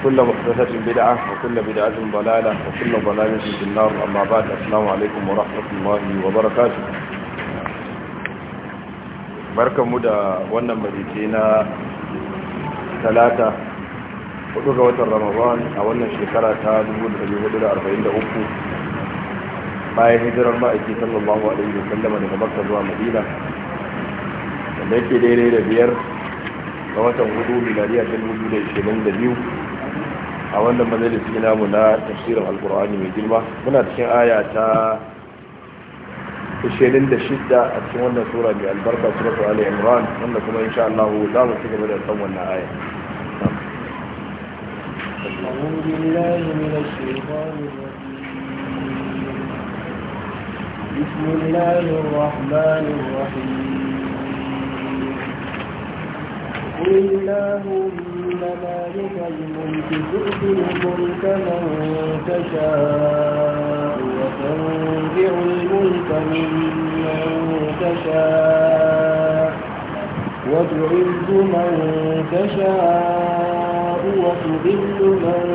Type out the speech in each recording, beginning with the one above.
وكل محدثة بدعة وكل بدعة ضلالة وكل ضلالة في النار أما بعد السلام عليكم ورحمة الله وبركاته بركة مدى وانا مريكينا ثلاثة hudu ga watan ramadan a wannan shekara ta 1443 bayan hijirar ma'aiki sallallahu alaihi wa sallama daga makka zuwa madina wanda yake daidai da biyar ga watan hudu ta a wannan majalisi mu na tafsirin alkur'ani mai girma muna cikin aya ta 26 a cikin wannan sura mai albarka sura ta ali imran wanda kuma insha Allah za mu ci gaba da san wannan aya أعوذ بسم الله الرحمن الرحيم قل اللهم إنما لك الملك تؤتي الملك من تشاء وتنزع الملك ممن تشاء وتعز من تشاء وتذل من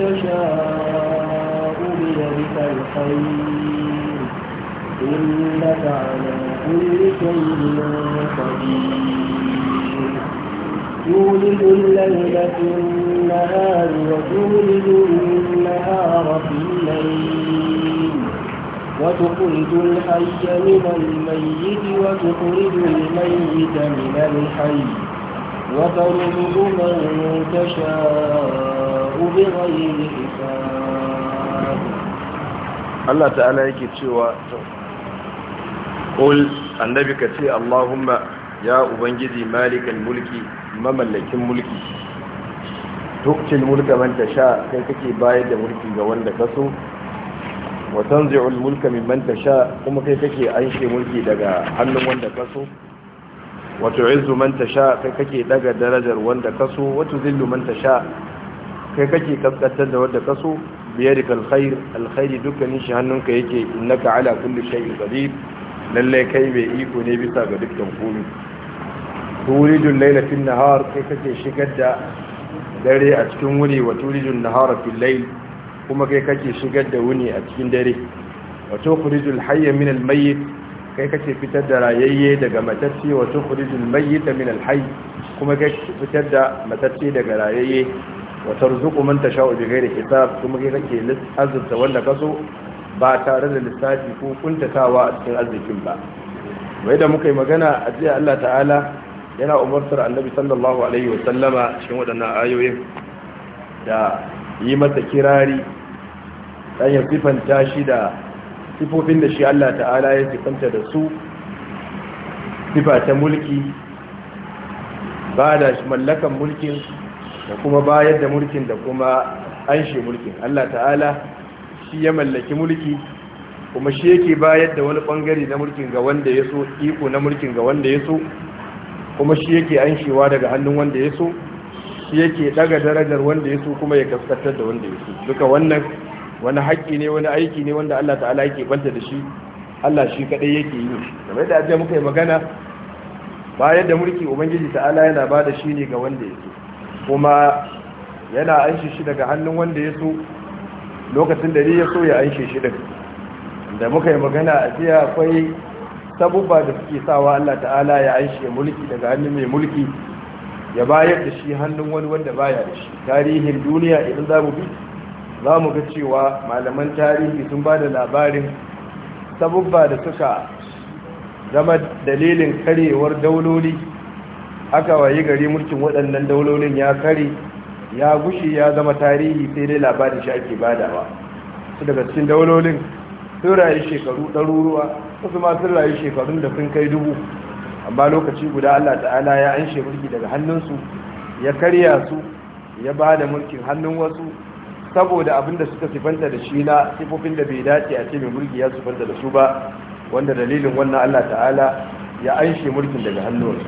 تشاء بيدك الخير إنك على كل شيء قدير يولد الليل في النهار وتولد النهار في الليل وتخرج الحي من الميت وتخرج الميت من الحي وترزق من تشاء بغير حساب الله تعالى yake cewa قل النبي كثير اللهم يا أبنجدي مالك الملك mamallakin mulki tukcin mulka man tasha kai kake bayar da mulki ga wanda ka so wa tanzi'ul mulka mimman tasha kuma kai kake anshe mulki daga hannun wanda ka so wa tu'izzu man tasha kai kake daga darajar wanda ka so wa tuzillu man tasha kai kake kaskantar da wanda ka so da alkhair alkhairi dukkanin shi hannunka yake innaka ala kulli shay'in qadir lalle kai mai iko ne bisa ga dukkan komai turidun lailafin nahar kai kake shigar da dare a cikin wuni wa turidun nahara fil layl kuma kai kake shigar da wuni a cikin dare wa tukhrijul hayya min al kai kake fitar da rayayye daga matacce wa tukhrijul mayyita min al hayy kuma kai fitar da matacce daga rayayye wa tarzuqu man tasha'u bi ghairi hisab kuma kai kake azurta wanda ka kaso ba tare da lissafi ko kuntatawa a cikin arzikin ba wai da muka yi magana a jiya Allah ta'ala yana umartar annabi sallallahu alaihi wa sallama cikin waɗannan ayoyin da yi masa kirari dan ya sifanta shi da sifofin da shi Allah ta'ala ya sifanta da su sifa ta mulki ba da mallakan mulkin da kuma bayar da mulkin da kuma an shi mulkin Allah ta'ala shi ya mallaki mulki kuma shi yake bayar da wani bangare na mulkin ga wanda ya so iko na mulkin ga wanda ya so kuma shi yake anshewa daga hannun wanda ya so shi yake daga darajar wanda ya so kuma ya kaskantar da wanda ya so duka wannan wani haƙƙi ne wani aiki ne wanda Allah ta'ala yake banta da shi Allah shi kadai yake yi kamar yadda ajiya muka yi magana bayan da mulki ubangiji ta'ala yana ba da shi ne ga wanda ya so kuma yana an shi daga hannun wanda ya so lokacin da ya so ya anshe shi daga da muka yi magana a jiya akwai sabubba da suke sawa Allah ta'ala ya aishe mulki daga hannun mai mulki ya bayar da shi hannun wani wanda baya da shi tarihin duniya idan za mu bi za mu ga cewa malaman tarihi sun ba da labarin sabubba da suka zama dalilin karewar dauloli aka wayi gari mulkin waɗannan daulolin ya kare ya gushi ya zama tarihi sai dai labarin shi ake badawa su daga cikin daulolin sun rayu shekaru ɗaruruwa wasu masu rayu shekarun da sun kai dubu amma lokaci guda Allah ta'ala ya anshe mulki daga hannunsu ya karya su ya ba da mulkin hannun wasu saboda abin da suka sifanta da shi na sifofin da bai dace a ce mai mulki ya sifanta da su ba wanda dalilin wannan Allah ta'ala ya anshe mulkin daga hannunsu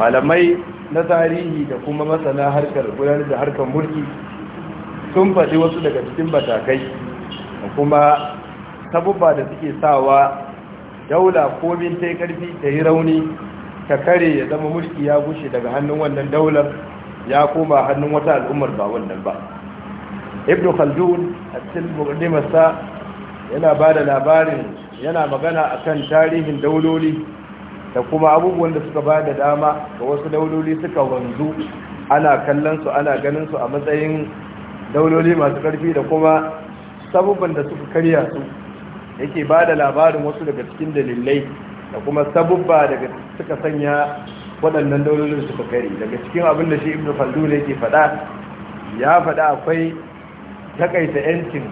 malamai na tarihi da kuma masana harkar gudanar da harkar mulki sun faɗi wasu daga cikin batakai da kuma sabubba da suke sawa daula komin ta yi ƙarfi ta yi rauni ta kare ya zama mulki ya gushe daga hannun wannan daular ya koma hannun wata al'ummar ba wannan ba ibn khaldun a cikin muqaddimarsa yana ba da labarin yana magana a kan tarihin dauloli da kuma abubuwan da suka ba da dama ga wasu dauloli suka wanzu ana kallon su ana ganin su a matsayin dauloli masu ƙarfi da kuma sabubban da suka karya su yake ba da labarin wasu daga cikin dalilai da kuma sabubba daga suka sanya waɗannan daulolin suka kare daga cikin abin da shi ibn faldun yake faɗa ya faɗa akwai takaita yancin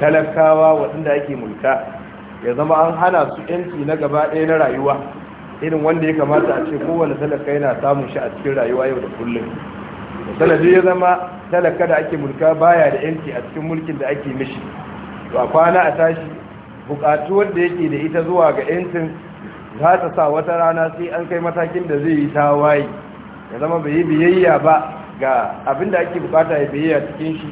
talakawa waɗanda ake mulka ya zama an hana su yanci na gaba ɗaya na rayuwa irin wanda ya kamata a ce kowane talaka yana samun shi a cikin rayuwa yau da kullum sanadu ya zama talaka da ake mulka baya da yanci a cikin mulkin da ake mishi to a kwana a tashi bukatuwar da yake da ita zuwa ga 'yancin za ta sa wata rana sai an kai matakin da zai yi tawaye ya zama bai yi biyayya ba ga abin da ake bukata ya biyayya cikin shi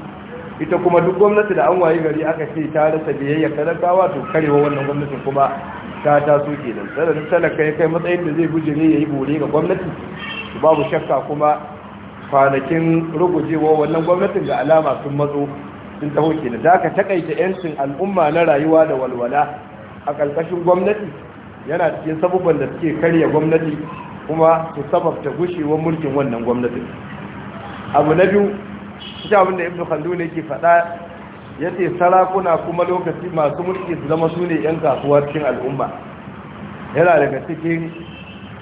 ita kuma duk gwamnati da an wayi gari aka ce ta rasa biyayya talakawa to karewa wannan gwamnatin kuma ta taso ke da talaka ya kai matsayin da zai ne ya yi bore ga gwamnati babu shakka kuma kwanakin rugujewa wannan gwamnatin da alama sun matso sun taho ke da aka takaita yancin al'umma na rayuwa da walwala a ƙarƙashin gwamnati yana cikin sabubban da suke karya gwamnati kuma su sababta gushewar mulkin wannan gwamnatin abu na biyu shi abin da ibnu khaldun yake faɗa yace sarakuna kuma lokaci masu mulki su zama su ne yan kasuwa cikin al'umma yana daga cikin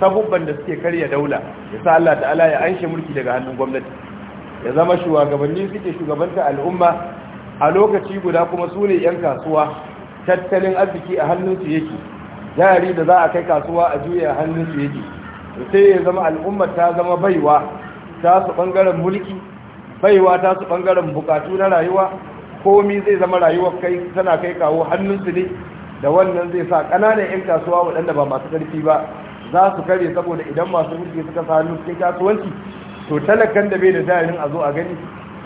sabubban da suke karya daula sa Allah ta'ala ya anshe mulki daga hannun gwamnati ya zama shugabanni suke shugabanta al'umma a lokaci guda kuma su ne 'yan kasuwa tattalin arziki a hannunsu yake jari da za a kai kasuwa a juya a hannunsu yake sai ya zama al'ummar ta zama baiwa ta su ɓangaren mulki baiwa ta su ɓangaren bukatu na rayuwa komi zai zama rayuwa kai tana kai kawo hannunsu ne da wannan zai sa ƙananan 'yan kasuwa waɗanda ba masu ƙarfi ba za su kare saboda idan masu mulki suka sa hannu cikin kasuwanci to talakan da bai da jarin a zo a gani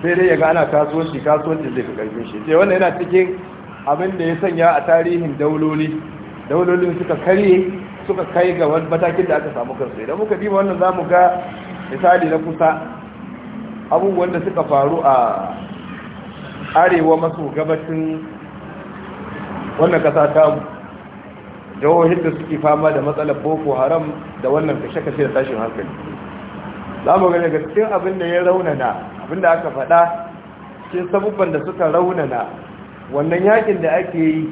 sai dai ya ga ana kasuwanci kasuwanci zai fi karfin shi sai wannan yana cikin abin da ya sanya a tarihin dauloli daulolin suka kare suka kai ga wani matakin da aka samu kansu idan muka dima wannan za mu ga misali na kusa abubuwan da suka faru a arewa maso gabashin wannan kasa ta jihohin da suke fama da matsalar boko haram da wannan kashe-kashe da tashin hankali za mu gani ga cikin abin da ya raunana abin da aka faɗa cikin sabubban da suka raunana wannan yakin da ake yi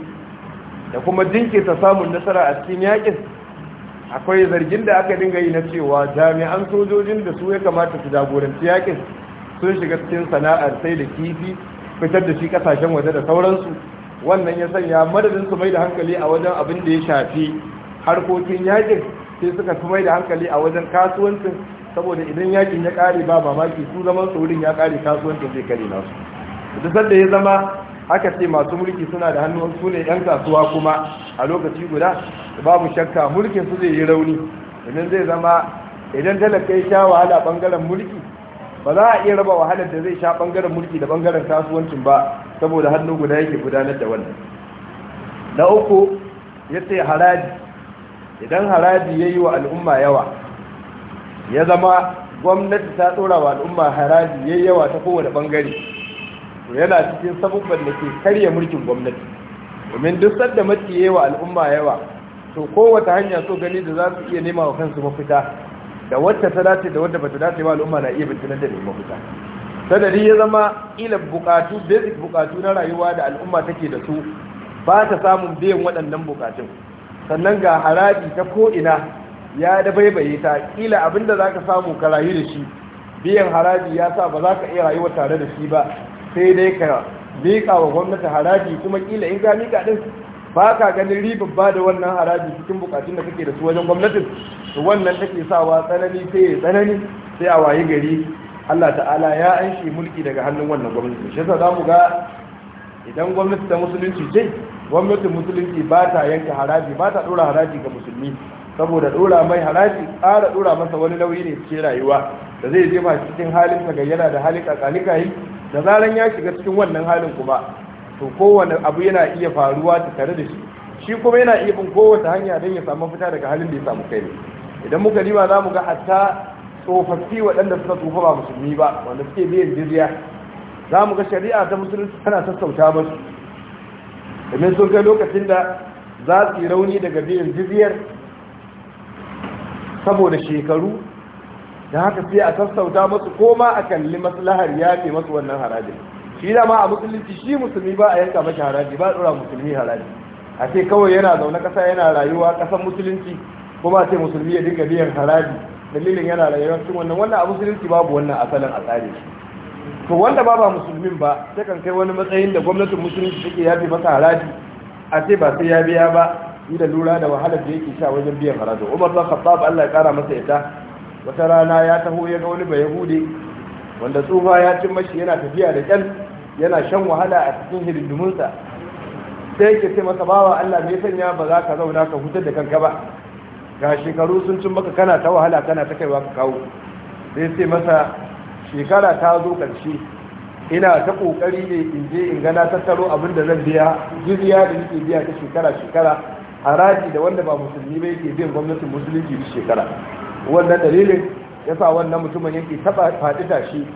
da kuma jinkirta samun nasara a cikin yakin akwai zargin da aka dinga yi na cewa jami'an sojojin da su ya kamata su jagoranci yakin sun shiga cikin sana'ar sai da kifi fitar da shi kasashen waje da sauransu wannan ya sanya madadin su mai da hankali a wajen abin da ya shafi harkokin yakin sai suka fi mai da hankali a wajen kasuwancin saboda idan yakin ya kare ba mamaki su zaman tsorin ya kare kasuwanci zai kare nasu duk da ya zama haka ce masu mulki suna da hannun su ne yan kasuwa kuma a lokaci guda babu shakka mulkin su zai yi rauni idan zai zama idan talaka ya sha wahala bangaren mulki ba za a iya raba wahalar da zai sha bangaren mulki da bangaren kasuwancin ba saboda hannu guda yake gudanar da wannan na uku ya ce haraji idan haraji ya yi wa al'umma yawa ya zama gwamnati ta tsora wa al'umma haraji yayyawa ta kowane bangare to yana cikin sabubban da ke karya mulkin gwamnati domin duk sadda maciye wa al'umma yawa to kowace hanya so gani da za su iya nema wa kansu mafita da wacce ta dace da wadda bata dace ba al'umma na iya bincinar da neman mafita sadari ya zama ila bukatu basic bukatu na rayuwa da al'umma take da su ba ta samun biyan waɗannan bukatun sannan ga haraji ta ko'ina ya da bai ta kila abinda ka samu ka rayu da shi biyan haraji ya sa ba za ka iya rayuwa tare da shi ba sai dai ka miƙa wa gwamnati haraji kuma kila in ka miƙa din ba ka ganin ribar ba da wannan haraji cikin bukatun da kake da su wajen gwamnatin to wannan take sawa tsanani sai ya tsanani sai a wayi gari Allah ta'ala ya anshi mulki daga hannun wannan gwamnati shi yasa zamu ga idan gwamnati ta musulunci ce gwamnatin musulunci ba ta yanke haraji ba ta dora haraji ga musulmi saboda dora mai haraji ƙara dora masa wani nauyi ne cikin rayuwa da zai jefa cikin halin sa gayyana da halin kakalika yi da zaran ya shiga cikin wannan halin kuma to kowane abu yana iya faruwa ta tare da shi shi kuma yana iya bin kowace hanya don ya samu fita daga halin da ya samu kai ne idan muka riba za mu ga hatta tsofaffi waɗanda suka tsufa ba musulmi ba wanda suke biyan jizya za mu ga shari'a ta musulunci tana sassauta musu domin sun kai lokacin da za su yi rauni daga biyan jizyar saboda shekaru da haka sai a sassauta masu koma a kalli maslahar fi masu wannan harajin shi da ma a musulunci shi musulmi ba a yanka mashi haraji ba a tsura musulmi haraji a ce kawai yana zaune kasa yana rayuwa kasan musulunci kuma a ce musulmi ya dinga biyan haraji dalilin yana rayuwa cikin wannan wannan a musulunci babu wannan asalin a tsare shi to wanda ba ba musulmin ba sai kan kai wani matsayin da gwamnatin musulunci take yafe masa haraji a ce ba sai ya biya ba da lura da wahalar da yake sha wajen biyan haraji umar bin khattab Allah ya kara masa ita wata rana ya taho ya ga wani bai bude. wanda tsufa ya cin mashi yana tafiya da kyan yana shan wahala a cikin hidindimunsa sai yake ce masa bawa Allah me sanya ba za ka zauna ka hutar da kanka ba ga shekaru sun cin maka kana ta wahala kana ta kaiwa ka kawo sai ce masa shekara ta zo ƙarshe ina ta kokari ne in je in gana tattaro abin da zan biya jiriya da nake biya ta shekara shekara haraji da wanda ba musulmi ba yake bin gwamnatin musulunci da shekara wanda dalilin ya sa wannan mutumin yake taba faɗi tashi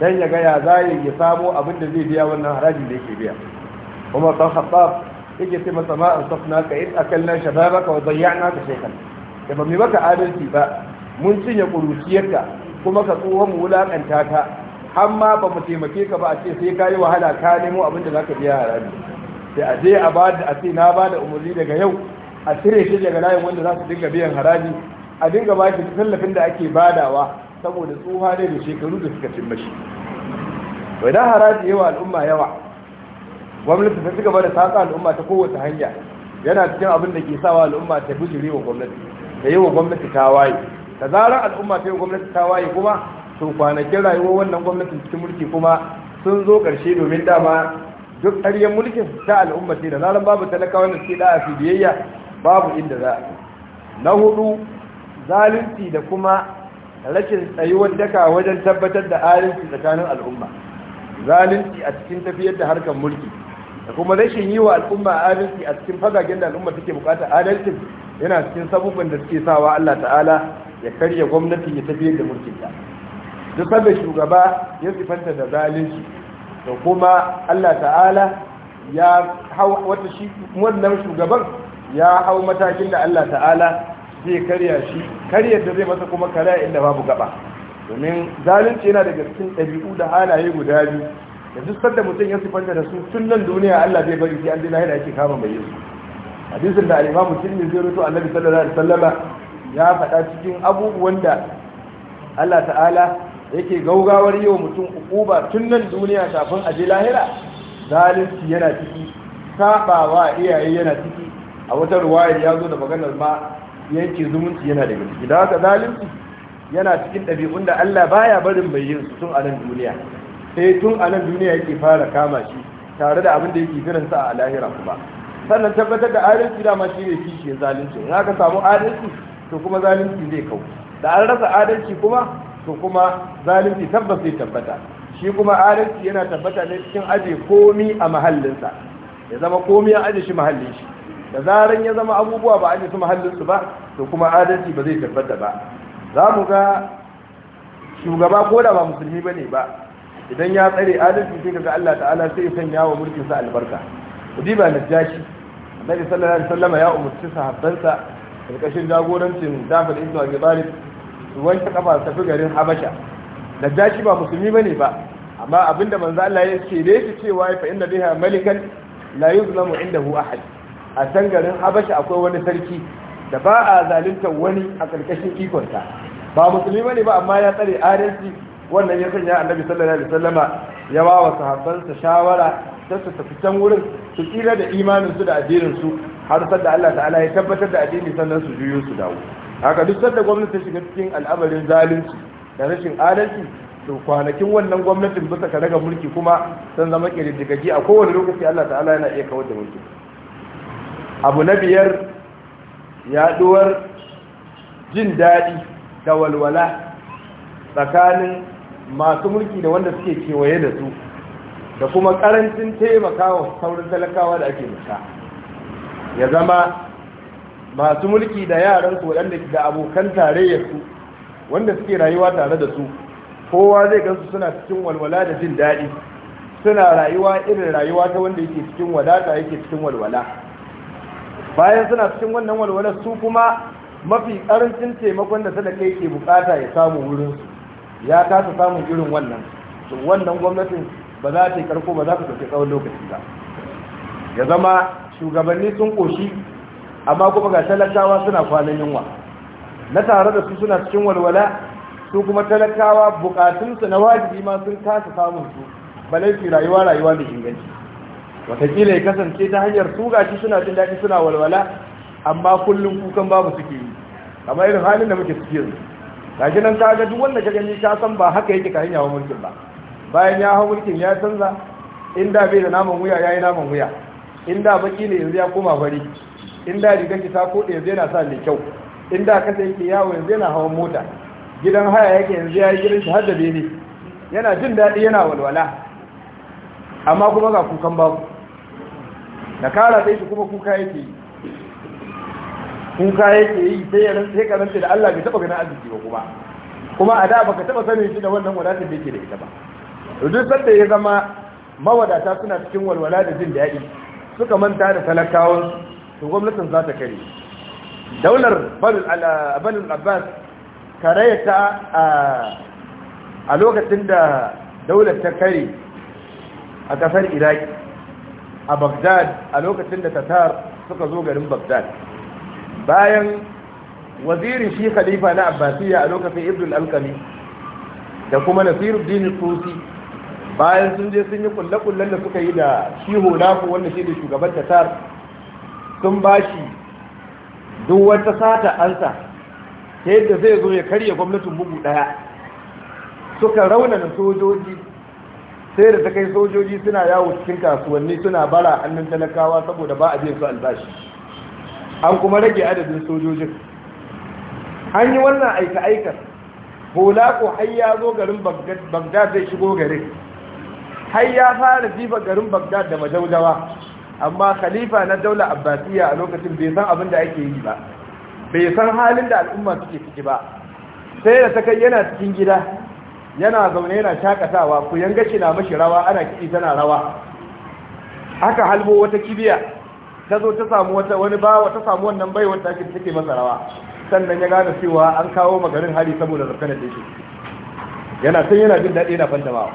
don ya gaya za ya samo abin da zai biya wannan harajin da yake biya kuma kan haɓɓaf yake ce masa ma an safna ka yi akallan shababaka wa zayyana ka shekar da ba mai ka adalci ba mun cinye ƙuruciyarka kuma ka tsohon mu wulaƙanta ka har ma ba mu taimake ka ba a ce sai ka yi wahala ka nemo abin da za ka biya haraji sai a je a ba da a ce na ba da umarni daga yau a cire shi daga layin wanda za su dinga biyan haraji a dinga ba shi tallafin da ake badawa saboda tsuha dai da shekaru da suka cin mashi bai da haraji yawa al'umma yawa gwamnati ta cigaba da tatsa al'umma ta kowace hanya yana cikin abin da ke sawa al'umma ta bijiri wa gwamnati ta yi wa gwamnati ta waye ta zarar al'umma ta yi wa gwamnati ta waye kuma to kwanakin rayuwar wannan gwamnatin cikin mulki kuma sun zo ƙarshe domin dama duk ƙaryar mulkin ta al'umma ce da zarar babu talakawa da suke da a biyayya babu inda za na hudu zalunci da kuma rashin tsayuwar daka wajen tabbatar da adalci tsakanin al'umma zalunci a cikin tafiyar da harkar mulki da kuma rashin yi wa al'umma adalci a cikin fagagen da al'umma take bukata adalcin yana cikin sabubban da suke sawa Allah ta'ala ya karya gwamnati ya tafiyar da mulkin ta duk sabbe shugaba ya sifanta da zalunci da kuma Allah ta'ala ya hau wata shi wannan shugaban ya hau matakin da Allah ta'ala zai karya shi karyar da zai masa kuma karya inda babu gaba domin zalunci yana daga cikin ɗabi'u da halaye guda biyu da duk sanda mutum ya sifanta da su tun nan duniya Allah zai bari sai an ji lahira yake kama mai yesu hadisin da al'imam imam zai Annabi sallallahu alaihi wasallama ya faɗa cikin abubuwan da Allah ta'ala yake gaugawar yi wa mutum ukuba tun nan duniya kafin a je lahira zalunci yana ciki sabawa iyaye yana ciki a wata ruwayar ya zo da maganar ma yanke zumunci yana daga ciki da haka zalunci yana cikin ɗabi'un da Allah baya barin mai yin su tun a nan duniya sai tun a nan duniya yake fara kama shi tare da abin da yake sa a lahira kuma sannan tabbatar da adalci dama shi ne kishi zalunci in aka samu adalci to kuma zalunci zai kau da an rasa adalci kuma to kuma zalunci tabbas zai tabbata shi kuma adalci yana tabbata ne cikin aje komi a mahallinsa ya zama komi an aje shi mahallin shi da zaran ya zama abubuwa ba a ji su mahallinsu ba to kuma adalci ba zai tabbata ba za mu ga shugaba ko da ba musulmi ba ne ba idan ya tsare adalci sai kaga Allah ta'ala sai ya sanya wa mulkin sa albarka ba na jashi annabi sallallahu alaihi wasallam ya umurci sahabbansa karkashin jagorancin Jafar ibn Abi Talib su wanke kafa su tafi garin Habasha da jashi ba musulmi bane ba amma abinda manzo Allah ya ce da yake cewa fa inna biha malikan la yuzlamu indahu ahad a can garin habasha akwai wani sarki da ba a zalunta wani a ƙarƙashin ikonta ba musulmi ne ba amma ya tsare adalci wannan ya sanya annabi sallallahu alaihi wasallama ya ba wa sahabbansa shawara ta su tafi can wurin su tsira da imanin su da addinin su har sada Allah ta'ala ya tabbatar da addini sannan su juyo su dawo haka duk sadda gwamnati ta shiga cikin al'amarin zalunci da rashin adalci to kwanakin wannan gwamnatin bisa ka daga mulki kuma sun zama kiriddigaji a kowane lokaci Allah ta'ala yana iya kawar da mulki abu na biyar yaduwar jin daɗi da walwala tsakanin masu mulki da wanda suke kewaye da su da kuma ƙarancin taimakawa saurin talakawa da ake nuka ya zama masu mulki da yaransu waɗanda da abokan tarayyarsu wanda suke rayuwa tare da su kowa zai gansu suna cikin walwala da jin daɗi suna rayuwa irin rayuwa ta wanda yake cikin wadata yake cikin walwala bayan suna cikin wannan walwala, su kuma mafi karancin taimakon da kai yake bukata ya samu wurin ya kasa samun irin wannan to wannan gwamnatin ba za ta yi karko ba za ta tafi tsawon lokaci ba ya zama shugabanni sun koshi amma kuma ga talakawa suna kwanan yunwa na tare da su suna cikin walwala su kuma talakawa bukatunsu na wajibi ma sun kasa samun su balai su rayuwa rayuwa da inganci watakila ya kasance ta hanyar tuga shi suna jin daɗi suna walwala amma kullum kukan babu suke yi amma irin halin da muke suke yanzu gashi nan ka ga duk wanda ka gani ka san ba haka yake ka hanya mulkin ba bayan ya hau mulkin ya canza inda bai da naman wuya ya yi naman wuya inda baki ne yanzu ya koma fari inda rigar ki ta koɗe yanzu yana sa mai kyau inda kasa yake yawo yanzu yana hawan mota gidan haya yake yanzu ya yi gidan shi har da bene yana jin daɗi yana walwala amma kuma ga kukan babu da kara sai kuma kuka yake yi kuka yake yi sai ya da Allah bai taba ganin arziki ba kuma kuma a da baka taba sanin shi da wannan wadatar da yake da ita ba duk sanda ya zama mawadata suna cikin walwala da jin daɗi suka manta da talakawan su gwamnatin za ta kare daular banul abbas karayata ta a lokacin da daular ta kare a kasar iraki a bagdad a lokacin da tatar suka zo garin bagdad bayan wazirin shi khalifa na abbasiyya a lokacin ibn alkami da kuma nasiruddin tusi bayan sun je sun yi kullakullan kullen da suka yi da shi hulafu wanda shi da shugaban tatar sun ba shi duk wata sata ansa ta yadda zai zo ya karya gwamnatin bugu daya suka raunana sojoji sai da ta kai sojoji suna yawo cikin kasuwanni suna bara hannun talakawa saboda ba a je su albashi an kuma rage adadin sojojin an yi wannan aika-aikar hula ko har zo garin bagdad zai shigo garin har ya fara jifa garin bagdad da majaujawa amma khalifa na daular abbasiya a lokacin bai san abin da ake yi ba bai san halin da al'umma suke ciki ba sai da ta kai yana cikin gida yana zaune yana shakatawa ku yanga shi na mashi rawa ana kiɗi tana rawa aka halbo wata kibiya ta zo ta samu wata wani bawa ta samu wannan bai ta ake take masa rawa sannan ya gane cewa an kawo magarin hali saboda zafkanar da shi yana san yana jin daɗi yana bawa.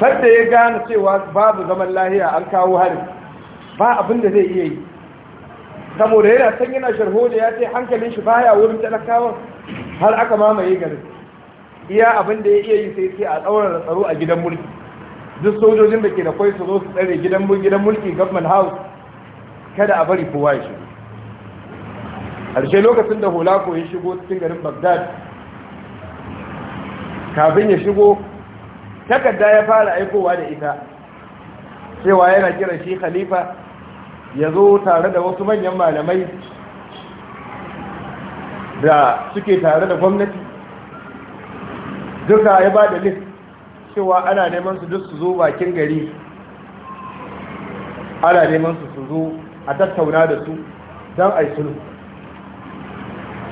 sadda ya gane cewa babu zaman lahiya an kawo hari ba abin da zai iya yi saboda yana san yana da ya ce hankalin shi baya wurin talakawa har aka mamaye garin iya abin da ya iya yi sai sai a tsaurara tsaro a gidan mulki duk sojojin da ke da kwai su zo su tsare gidan gidan mulki government house kada a bari kowa ya shigo harshe lokacin da holako ya shigo cikin garin bagdad kafin ya shigo takarda ya fara aikowa da ita cewa yana kiran shi khalifa ya zo tare da wasu manyan malamai da suke tare da gwamnati duka ya ba da list cewa ana neman su duk su zo bakin gari ana neman su su zo a tattauna da su don a yi sulhu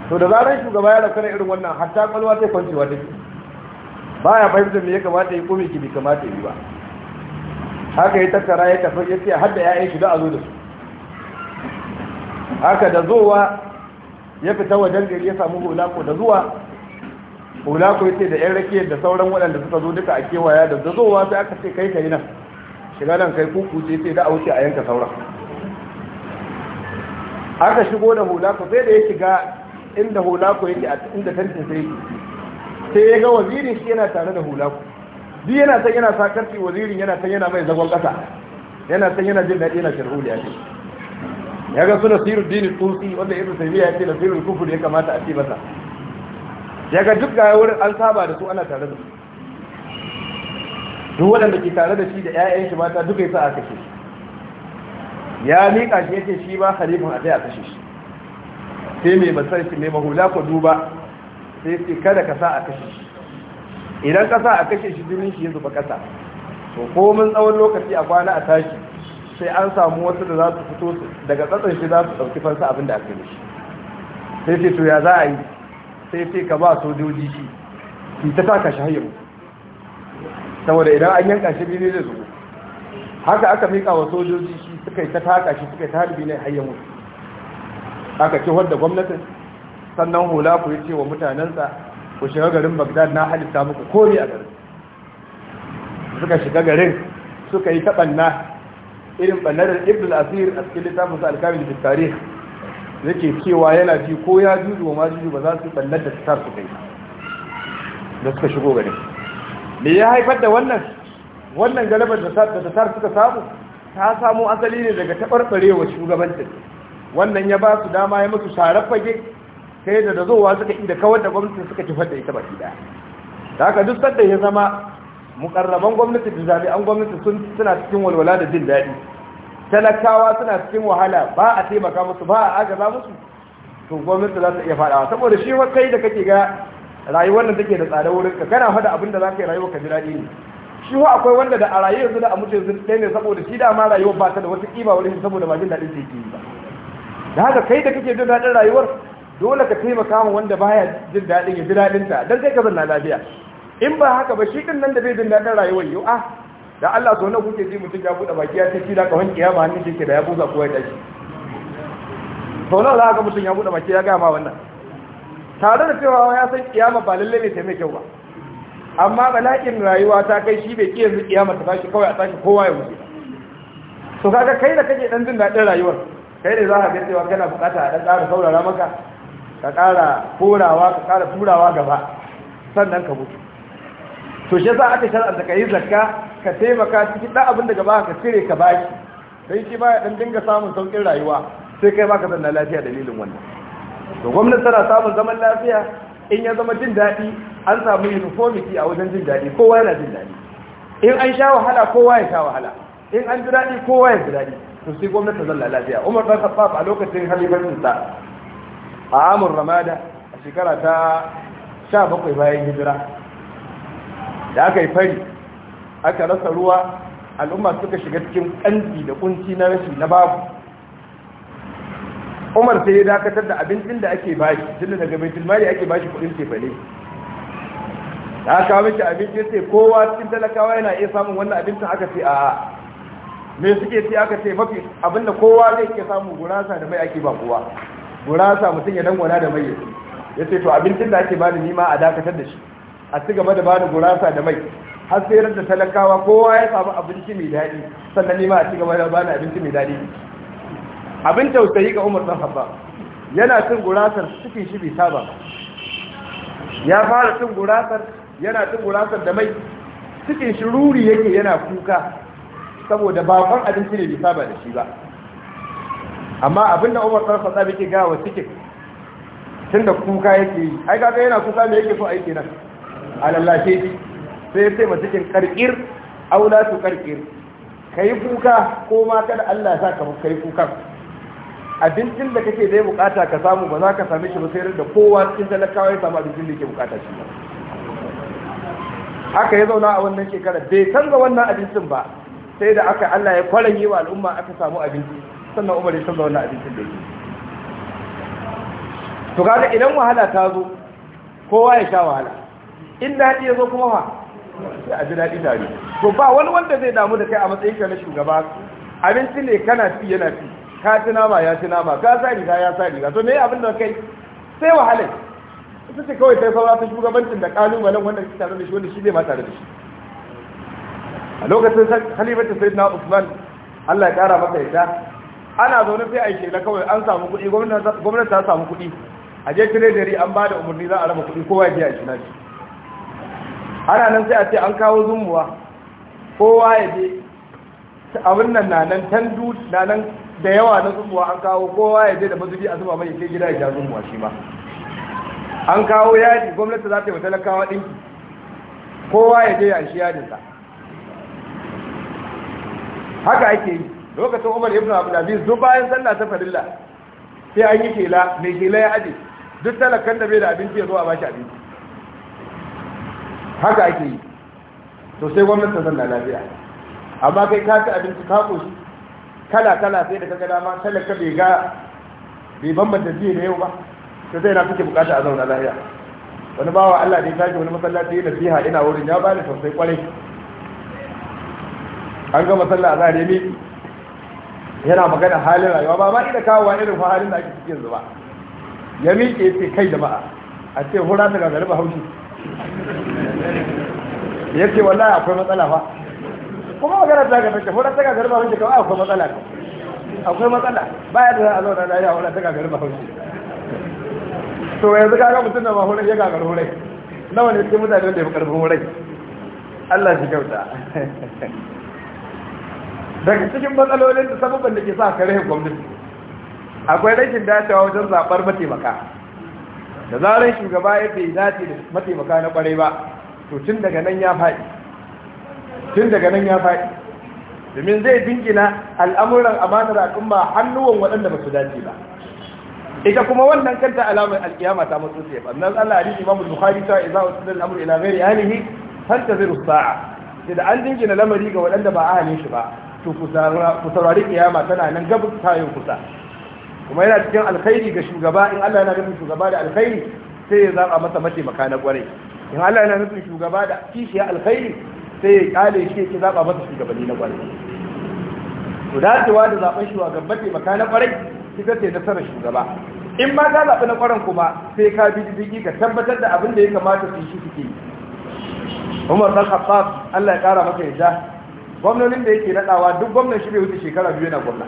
to da zarar shugaba ya rasa irin wannan hatta kwalwa ta wata take ba ya fahimtar me ya kamata ya kome ki bai kamata ya yi ba haka ya tattara ya tafi ya ce hadda ya'yan shi da a zo da su haka da zowa ya fita wajen gari ya samu ko da zuwa hula ko yace da yan rake da sauran waɗanda suka zo duka a kewaya da zazowa sai aka ce kai kai nan shiga nan kai kuku ce sai da a wuce a yanka sauran aka shigo da hula ku sai da ya shiga inda hula ku yake a inda tantin sai sai ya ga wazirin shi yana tare da hula ku bi yana san yana sa karfi wazirin yana san yana mai zagon kasa yana san yana jin daɗi yana sharhuliya ce ya ga su sirrin dini tusi wanda ibn taymiya ya ce nasirul kufur ya kamata a ce masa daga duk ga wurin an saba da su ana tare da su duk waɗanda ke tare da shi da 'ya'yan shi mata duka yasa aka kashe shi ya miƙa shi yake shi ba halifin a sai a kashe shi sai mai shi mai mahula ku duba sai sai kada ka sa a kashe shi idan ka sa a kashe shi jinin shi ya zuba ƙasa to komin tsawon lokaci a kwana a tashi sai an samu wasu da za su fito daga tsatsan shi za su ɗauki fansa abin da aka yi shi sai sai to ya za a yi sai sai ka ba sojoji shi in ta taka shi hayyar saboda idan an yanka shi biyu zai zuwa haka aka mika wa sojoji shi suka yi ta taka shi suka yi ta harbi na hayyar mutu aka ce wadda gwamnatin sannan hula ku yi ce wa mutanensa ku shiga garin bagdad na halitta muku kori a garin suka shiga garin suka yi taɓanna irin ɓannarar ibn al-asir a cikin littafin su alkamin da tarihi yake cewa yana ji ko ya juju wa majuju ba za su ballar da ta su kai da suka shigo gari me ya haifar da wannan wannan galibar da ta suka samu ta samu asali ne daga taɓarɓarewa shugabancin wannan ya ba su dama ya musu sharar fage kai da da zowa suka inda kawar da gwamnatin suka kifar da ita baki daya da haka duk sadda ya zama mukarraban gwamnati da jami'an gwamnati suna cikin walwala da jin daɗi talakawa suna cikin wahala ba a taimaka musu ba a agaza musu to gwamnati za ta iya faɗawa saboda shi kai da kake ga rayuwar da take da tsada wurin ka kana faɗa abin da za ka yi rayuwar ka ji daɗi ne shi wa akwai wanda da a rayuwa yanzu da a mutu yanzu ɗaya ne saboda shi da ma rayuwar ba ta da wata ƙiba wurin saboda ba jin daɗin take yi ba da haka kai da kake jin daɗin rayuwar dole ka taimaka ma wanda baya jin daɗin ya ji daɗin ta dan kai ka zanna lafiya in ba haka ba shi din nan da bai jin daɗin rayuwar yau ah da Allah so nan kuke ji mutum ya buɗe baki ya ce shi da kawai kiyama hannun shi ke da ya buga kowa ya tashi to nan za ga mutum ya buɗe baki ya gama wannan tare da cewa ya san kiyama ba lalle ne ta mai kyau ba amma bala'in rayuwa ta kai shi bai kiya yanzu kiyama ta tashi kawai a tashi kowa ya wuce to kaga kai da kake dan jin daɗin rayuwar kai ne za ka ga cewa kana buƙata a dan ƙara saurara maka ka ƙara korawa ka ƙara turawa gaba sannan ka mutu to shi za shara da ka yi zarka ka taimaka cikin ɗan abin da gaba ka cire ka baki sai shi ba ya ɗan dinga samun sauƙin rayuwa sai kai ba ka zanna lafiya dalilin wannan to gwamnati tana samun zaman lafiya in ya zama jin daɗi an samu uniformity a wajen jin daɗi kowa yana jin daɗi in an sha wahala kowa ya sha wahala in an ji daɗi kowa ya ji daɗi to sai gwamnati zan lafiya umar ɗan khattab a lokacin halifarcin sa a amur ramada a shekara ta 17 bayan hijira da aka yi fari aka rasa ruwa al'umma suka shiga cikin ƙanti da kunci na rashin na babu umar sai ya dakatar da abincin da ake bashi tunda daga baitul mali ake bashi kudin tefale da aka kawo mishi abinci sai kowa cikin talakawa yana iya samun wannan abincin aka ce a'a me suke ce aka ce mafi abinda kowa zai ke samun gurasa da mai ake ba kowa gurasa mutum ya dangwana da mai ya ce to abincin da ake bani nima a dakatar da shi a ci gaba da bada gurasa da mai har sai da talakawa kowa ya samu abinci mai daɗi sannan nima a ci gaba da bada abinci mai daɗi abin tausayi ga umar ɗan habba yana cin gurasar cikin shi bai saba ya fara cin gurasar yana cin gurasar da mai cikin shi ruri yake yana kuka saboda bakon abinci ne bai saba da shi ba amma abin da umar ɗan habba yake gawa cikin tun da kuka yake yi ai kaga yana kuka me yake so aiki nan a shi sai sai masu cikin karkir aula su karkir ka yi kuka ko ma kada Allah sa ka yi kuka abincin da kake zai bukata ka samu ba za ka sami shi ba sai da kowa cikin talakawa ya samu abincin da ke bukata shi ba haka ya zauna a wannan shekarar bai canza wannan abincin ba sai da aka Allah ya kwaran yi wa al'umma aka samu abinci sannan umar ya canza wannan abincin da yake to kaga idan wahala ta zo kowa ya sha wahala in daɗi ya zo kuma ba sai a ji daɗi tare to ba wani wanda zai damu da kai a matsayin ka na shugaba abinci ne kana fi, yana fi. ka ci nama ya ci nama ka sa riga ya sa riga to me abin da kai sai wahala su ce kawai sai saura ta shugabancin da kalubalen wanda ke tare da shi wanda shi zai ma tare da shi a lokacin khalifatin na Usman Allah ya kara masa yadda ana zaune sai a yi shela kawai an samu kuɗi gwamnati ta samu kuɗi a je tire an ba da umarni za a raba kuɗi kowa ya biya shi na shi ana nan sai a ce an kawo zumuwa kowa ya je abin nan na nan tandu na nan da yawa na zumuwa an kawo kowa ya je da mazubi a zuba mai ke gida ya ja zumuwa shi ma an kawo yadi gwamnati za ta yi talakawa ɗinki kowa ya je ya shi yadinsa haka ake yi lokacin umar ibn abdulaziz duk bayan sallah ta farilla sai an yi kela mai kela ya aje duk talakan da bai da abinci ya zo a bashi abinci haka ake yi to sai gwamnati ta zanna lafiya amma kai ka ta abinci ka koshi kala kala sai da kaga dama talaka bai ga bai bambanta jiya da yau ba to sai na kake bukata a zauna lafiya wani bawa Allah dai tashi wani masallaci da fiha ina wurin ya bani sosai kwarai an ga masalla a zare ne yana magana halin rayuwa ba ma ina kawowa irin fa halin da ake cikin zuba ya miƙe ce kai jama'a a ce hura daga garba haushi ya ce wallahi akwai matsala fa kuma magana ta ga take horar ta ga garba wuce kawai akwai matsala akwai matsala baya da za a zauna ya horar ta ga garba wuce to yanzu ka ga mutum da ma horar ya ga garba horai nawa ne cikin mutane da ya fi karfin horai Allah shi kyauta daga cikin matsalolin da sababin da ke sa kare gwamnati akwai rashin dacewa wajen zaɓar mataimaka da zarar shugaba ya bai dace da mataimaka na kwarai ba to tun daga nan ya faɗi tun daga nan ya faɗi domin zai dingina al'amuran amanar al'umma hannuwan waɗanda ba su dace ba ita kuma wannan kanta alamar alkiyama ta matsu sai ba nan Allah hadisi Imam Bukhari ta iza wa al-amru ila ghairi ahlihi fantaziru sa'a sai da an dingina lamari ga waɗanda ba ahalin shi ba to ku saurari kiyama tana nan gabu ta kusa kuma yana cikin alkhairi ga shugaba in Allah yana nufin shugaba da alkhairi sai ya zaba masa mataimaka na kwarai in Allah yana nufin shugaba da kishiya alkhairi sai ya kale shi ya zaba masa shugabanni na kwarai to dacewa da zaben shugaban mataimaka na kwarai ita ce nasarar shugaba in ma ka zaɓi na kwaran kuma sai ka bi diddigi ka tabbatar da abin da ya kamata su shi suke yi Umar dan Khattab Allah ya kara masa yadda gwamnonin da yake nadawa duk gwamnan shi bai wuce shekara biyu na gwamna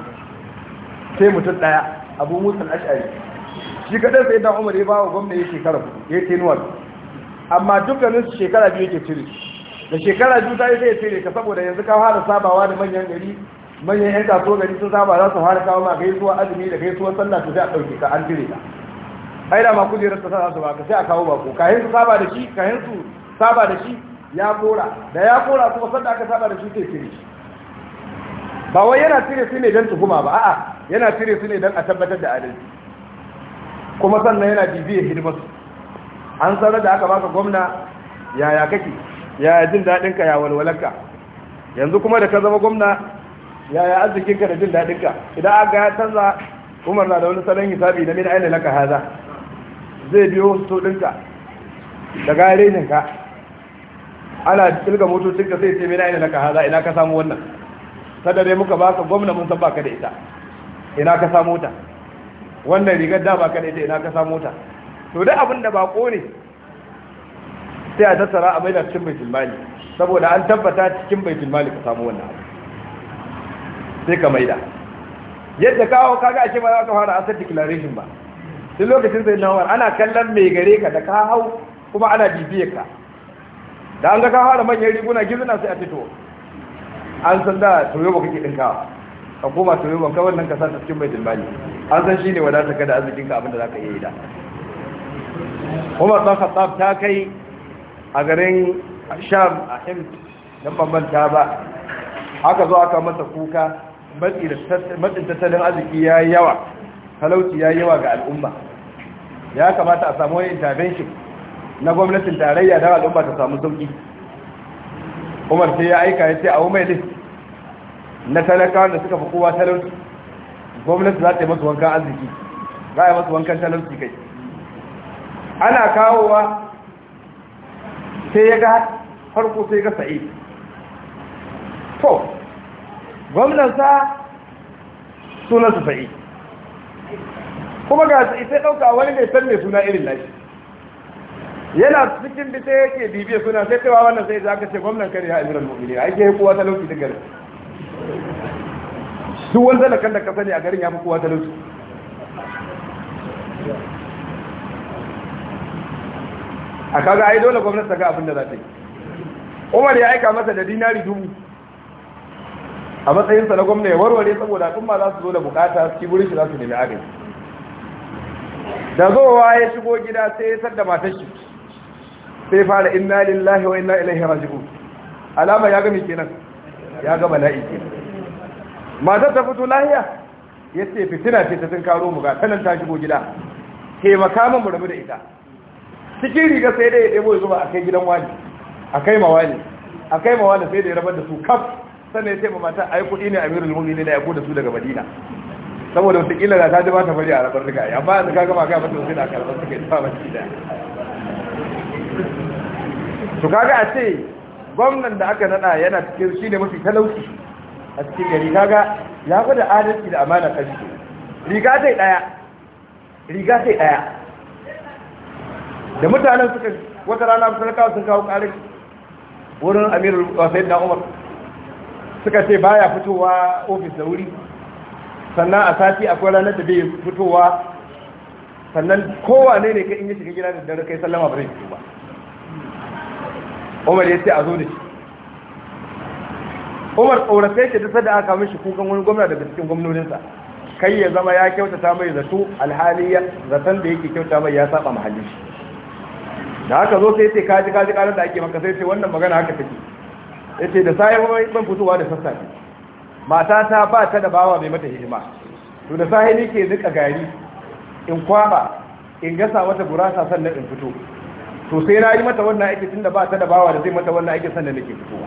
sai mutum daya abu musul ash'ari shi kadai sai dan umar ya wa gwamna ya shekara ya tenuwa amma dukkanin su shekara biyu ke cire da shekara biyu ta yi sai ya ka saboda yanzu ka fara sabawa da manyan gari manyan yan kasuwa gari sun saba za su fara kawo ma gaisuwa azumi da gaisuwa sallah su sai a ɗauke ka an cire ka ai da ma kujerar ta sa su ka sai a kawo bako kayan su saba da shi kayan su saba da shi ya kora da ya kora kuma sanda aka saba da shi sai cire shi ba wai yana cire su ne don tuhuma ba a'a yana cire su ne don a tabbatar da adalci kuma sannan yana bibiyar hidimar su an sanar da aka baka gwamna yaya kake yaya jin daɗin ka ya walwalarka yanzu kuma da ka zama gwamna yaya arzikin ka da jin daɗin ka idan aka ya canza umar na da wani salon hisabi na min aina laka haza zai biyo su ɗinka da gare ka ana tilga motocin ka sai ce min aina laka haza ina ka samu wannan sadar dai muka baka gwamna mun san baka da ita ina ka samu ta wannan rigar da baka da ita ina ka samu ta to duk abin da bako ne sai a tattara a maida cikin baitul mali saboda an tabbata cikin baitul mali ka samu wannan abu sai ka maida yadda kawo kaga ake ba za ka fara asset declaration ba duk lokacin sai nawar ana kallon mai gare ka da ka hau kuma ana bibiyar ka da an ga ka fara manyan riguna gizuna sai a fito an san da toyoba kake dinka ka koma toyoba ka wannan ka sa ta cikin baitul mali an san shine wadata ka da arzikin ka abinda zaka iya yi da Umar bin Khattab ta kai a garin Sham a Hind dan bambanta ba aka zo aka masa kuka matsin tattalin arziki ya yi yawa talauci ya yi yawa ga al'umma ya kamata a samu intervention na gwamnatin tarayya da al'umma ta samu sauki umar sai ya aika ya ce a wumai list na talakawa da suka fi kowa talauci gwamnati za ta yi masu wankan arziki za a yi masu wankan talauci kai ana kawowa sai ya ga farko sai ga sa'i. to gwamnansa sunansa sa'i, kuma ga sa'i sai ɗauka wani mai san mai suna irin nashi yana cikin da sai yake bibiya suna sai cewa wannan sai zaka ce gwamnan kare ya amiral mu'mini ai ke kowa talauci da garin su wanda da da ka sani a garin ya fi kowa talauci a kaga ai dole gwamnati ta ga abin da za ta yi umar ya aika masa da dinari dubu a matsayinsa na gwamna ya warware saboda al'umma za su zo da bukata su gurin shi za su nemi agaji da zowa ya shigo gida sai ya sadda matar shi sai fara inna lillahi wa inna ilaihi raji'un alama ya gami kenan ya ga bala'i kenan matar ta fito lahiya yace fitina ce ta tun karo mu ga tanan ta shigo gida Ke makaman mu rabu da ita cikin riga sai dai ya debo ya zuba a kai gidan wani a kai ma wani a kai ma wani sai da ya rabar da su kaf sannan ya ce ma mata ai kudi ne amirul mu'minin ya gode su daga madina saboda wata kila da ta ji ba ta fari a rabar riga amma yanzu ka gama kai mata sai da karban suka ta ba mace da to kaga a ce gwamnan da aka nada yana cikin shi ne mafi talauci a cikin gari kaga ya gwada adalci da amana kashi riga sai daya riga sai daya da mutanen suka wata rana sun kawo sun kawo karin wurin amirul wasaid da umar suka ce baya fitowa ofis da wuri sannan a sati akwai ranar da bai fitowa sannan kowa ne ne ka in yi shiga gida da dare kai sallama ba zai fito ba umar ya ce a zo da shi umar tsoratai ke duk da aka mishi kukan wani gwamna daga cikin gwamnoninsa kai ya zama ya kyautata mai zato alhali zaton da yake kyauta mai ya saba mahallin shi da haka zo sai ce kaji kaji karar da ake maka sai ce wannan magana haka take ya ce da sahi ban fitowa da sassafe mata ta ba ta da bawa mai mata hidima to da sahi ne ke nika gari in kwaba in gasa mata gurasa sannan in fito to sai na yi mata wannan aiki tunda ba ta da bawa da zai mata wannan aiki sannan nake fitowa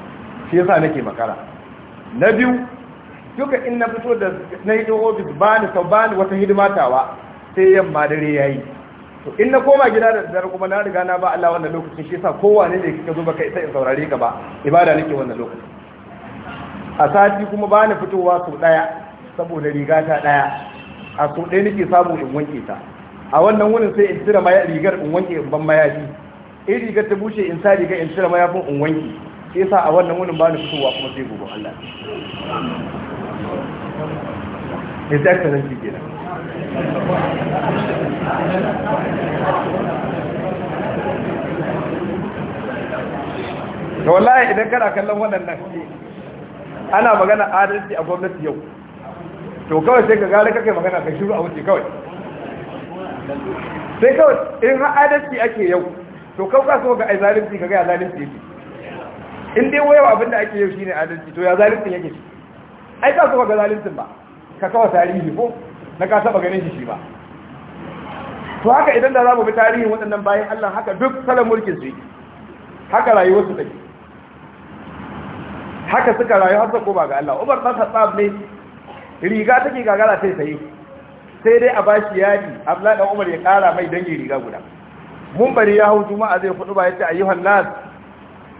shi yasa nake makara na biyu duka in na fito da na yi ofis ba ni sau ba ni wata hidimatawa sai yamma dare ya yi to in na koma gida da dare kuma na riga na ba Allah wannan lokacin shi yasa kowane ne kika zo baka isa in saurare ka ba ibada nake wannan lokacin a sati kuma ba ni fitowa sau daya saboda riga ta daya a sau ɗaya nake samu in wanke ta a wannan wurin sai in tira rigar in wanke in ban mayafi iri rigar ta bushe in sadi ga in cire mayafin in wanki sai yasa a wannan wunin ba ni fitowa kuma sai gobe Allah ne da ta zanci kenan da wallahi idan kana kallon waɗannan ana magana adalci a gwamnati yau to kawai sai ka gare kake magana ka shiru a wuce kawai sai kawai in ha adalci ake yau to kau ka so ga zalunci ga ya zalunci yake in dai wayo abin da ake yau shine adalci to ya zalunci yake ai ka so ga zalunci ba ka kawo tarihi ko na ka saba ganin shi ba to haka idan da zamu bi tarihin waɗannan bayan Allah haka duk salon mulkin su haka rayuwar su take haka suka rayu har ko ba ga Allah Umar dan Khattab ne riga take gagara sai sai sai dai a bashi yadi Abdullahi dan Umar ya kara mai dangi riga guda mun bari ya hau juma'a zai fudu ba ce ayyuhan nas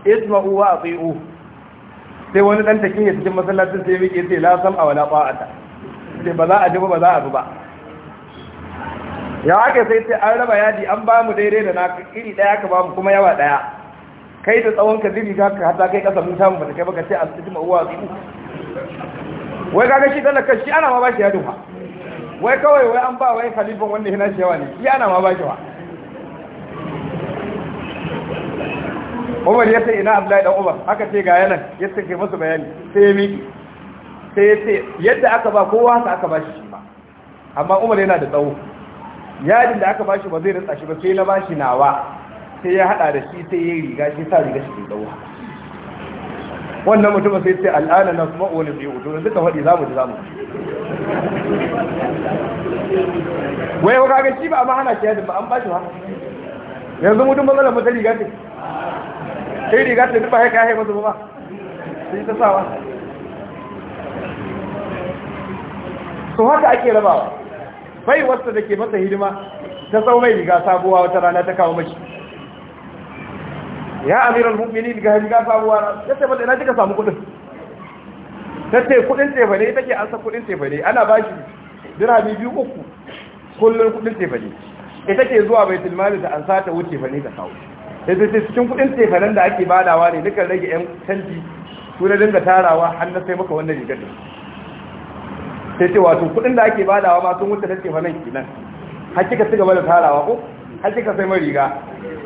isma'u wa ati'u sai wani dan take ya cikin masallacin sai yake sai la sam awala ba'ata sai ba za a ji ba ba za a bi ba ya ake sai sai an raba yadi an ba mu daidai da naka iri daya ka ba mu kuma yawa daya kai da tsawon ka zibi ka hata kai kasa mun samu ba ta kai ba ka ce astima wa ati'u wai ga shi talaka shi ana ma ba shi ya fa wai kawai wai an ba wai khalifan wanda yana shi yawa ne shi ana ma ba shi wa umar ya ce ina abdullahi dan umar aka ce ga yanan ya ce kai masa bayani sai ya miki sai ya ce yadda aka ba kowa haka aka ba shi ba amma umar yana da tsawo yadin da aka ba shi ba zai rantsa shi ba sai na ba shi nawa sai ya hada da shi sai ya yi riga shi sa riga shi da tsawo wannan mutum sai ce al'ana na kuma wani biyu to yanzu ka faɗi zamu ji zamu wai ka ga shi ba amma hana shi yadin ba an ba shi ba yanzu mutum ba mata riga ce sai riga ta duba ya kayan masu ba sai ta sawa su haka ake rabawa bai wasu da ke masa hidima ta tsawo mai riga sabuwa wata rana ta kawo mashi ya amiran mummini daga riga sabuwa ya ce mata na kika samu kudin ta ce kudin tefane take an sa kudin tefane ana ba shi dirhami biyu uku kullum kudin tefane ita ke zuwa bai tilmali da an sa ta wuce fane ta kawo sai sai cikin kudin tefanen da ake badawa ne duka rage yan canji su na dinga tarawa har na sai maka wannan rigar da sai ce wato kudin da ake badawa ma sun wuce na tefanen nan. har kika su gaba da tarawa ko har kika sai mai riga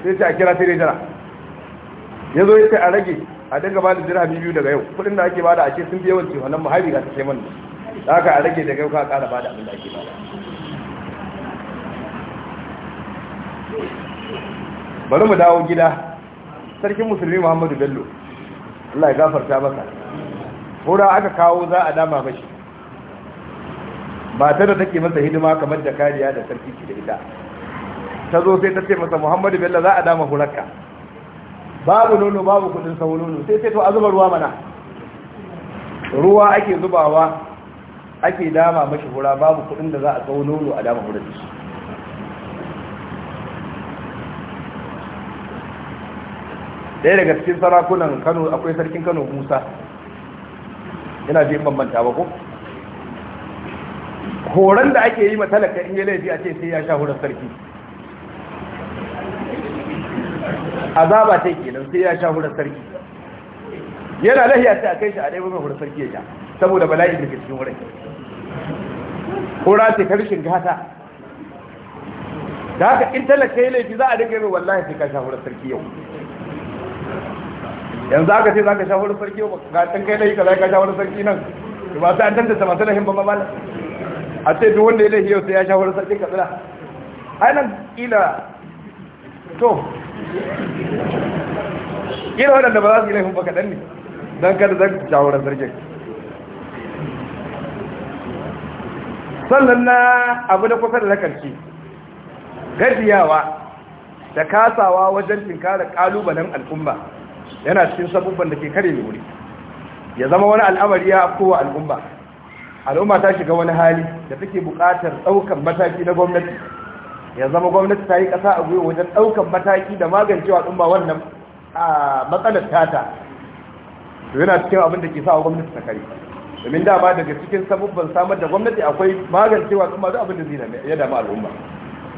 sai ce a kira sai jira ya zo ya ce a rage a dinga da jira biyu daga yau kudin da ake bada a ce sun biya yawan tefanen mu har riga ta sai mana da haka a rage daga yau ka kara bada abin da ake bada bari mu dawo gida sarkin musulmi muhammadu bello Allah ya gafarta maka hura aka kawo za a dama mashi ta da take masa hidima kamar da kariya da sarki ke da ita ta zo sai ta ce masa muhammadu bello za a dama hurarka babu nono babu kudin sau nono sai sai to a zuba ruwa mana ruwa ake zubawa ake dama mashi hura babu kudin da za a sau nono a dama hurar ɗaya daga cikin sarakunan kano akwai sarkin kano musa yana jin bambanta ba ko horon da ake yi ma talaka in yi laifi a ce sai ya sha horon sarki azaba ce kenan sai ya sha horon sarki yana lahiya sai a kai shi a ɗaya mai horon sarki ya sha saboda bala'i da cikin wurin hora ce karshen gata da haka in talaka yi laifi za a dinga yi wallahi sai ka sha horon sarki yau yanzu aka ce za ka shafi sarki ga can kai laifi kaza ka sha wani sarki nan ba sai an tantance masu lahin ba mamala a ce duk wanda ya laifi yau sai ya shafi wani sarki ka tsira ainihin ila to ila waɗanda ba za su yi laifin ba kaɗan ne don kada zan shafi wani sarki sannan na abu da kusa da na ƙarshe gajiyawa da kasawa wajen tinkarar ƙalubalen al'umma yana cikin sabubban da ke kare mai wuri ya zama wani al'amari ya afkowa al'umma al'umma ta shiga wani hali da take buƙatar ɗaukar mataki na gwamnati ya zama gwamnati ta yi ƙasa a gwiwa wajen ɗaukar mataki da magancewa al'umma wannan matsalar tata to yana cikin abin da ke sa gwamnati ta kare domin da ba daga cikin sabubban samar da gwamnati akwai magancewa al'umma duk abin da zai ya dama al'umma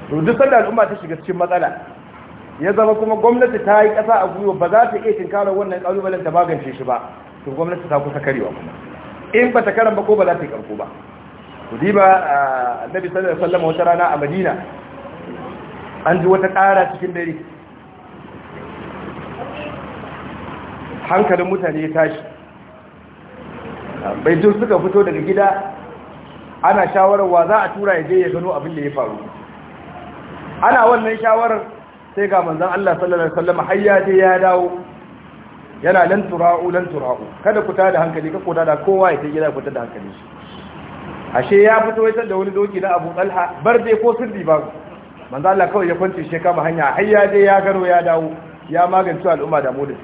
to duk sanda al'umma ta shiga cikin matsala ya zama kuma gwamnati ta yi ƙasa a gwiwa ba za ta iya tinkarar wannan ƙalubalen ta magance shi ba to gwamnati ta kusa karewa kuma in ba ta karan ba ko ba za ta yi karko ba ku diba annabi sallallahu alaihi wasallam wata rana a Madina an ji wata ƙara cikin dare hankalin mutane ya tashi bai jin suka fito daga gida ana shawarar wa za a tura ya je ya gano abin da ya faru ana wannan shawarar sai ga manzon Allah sallallahu alaihi wasallam har ya je ya dawo yana lan tura'u lan tura'u kada ku tada hankali ka ku tada kowa ya je gida ku tada hankali shi ashe ya fito waitar da wani doki na Abu Talha barde ko sirri ba manzo Allah kawai ya kwance shi kama hanya har ya je ya garo ya dawo ya magance al'umma da mu da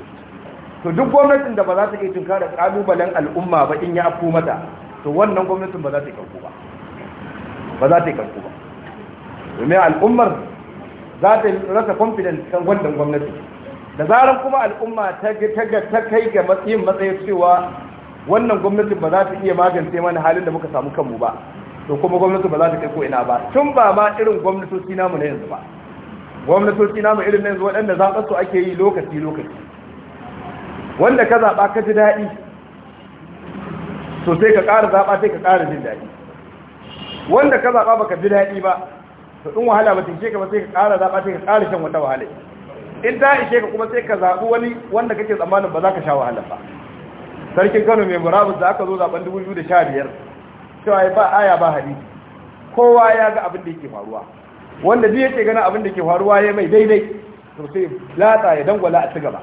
to duk gwamnatin da ba za ta iya tunkara kalubalen al'umma ba in ya afko mata to wannan gwamnatin ba za ta yi karko ba ba za ta yi karko ba domin al'ummar za ta rasa confidence kan wannan gwamnati da zarar kuma al'umma ta kai ga matsayin matsayin cewa wannan gwamnati ba za ta iya magance mana halin da muka samu kanmu ba to kuma gwamnati ba za ta kai ko ina ba tun ba ma irin gwamnatoci namu na yanzu ba gwamnatoci namu irin na yanzu waɗanda zaɓar su ake yi lokaci lokaci wanda ka zaɓa ka ji daɗi to sai ka ƙara zaɓa sai ka ƙara jin daɗi wanda ka zaɓa baka ji daɗi ba to in wahala ba ta ka ba sai ka ƙara zaɓa sai ka ƙara shan wata wahala in ta ishe ka kuma sai ka zaɓi wani wanda kake tsammanin ba za ka sha wahala ba sarkin kano mai murabus da aka zo zaɓen 2015 cewa ba aya ba hadisi kowa ya ga abin da yake faruwa wanda duk yake gana abin da ke faruwa ya mai daidai to sai latsa ya dangwala a cigaba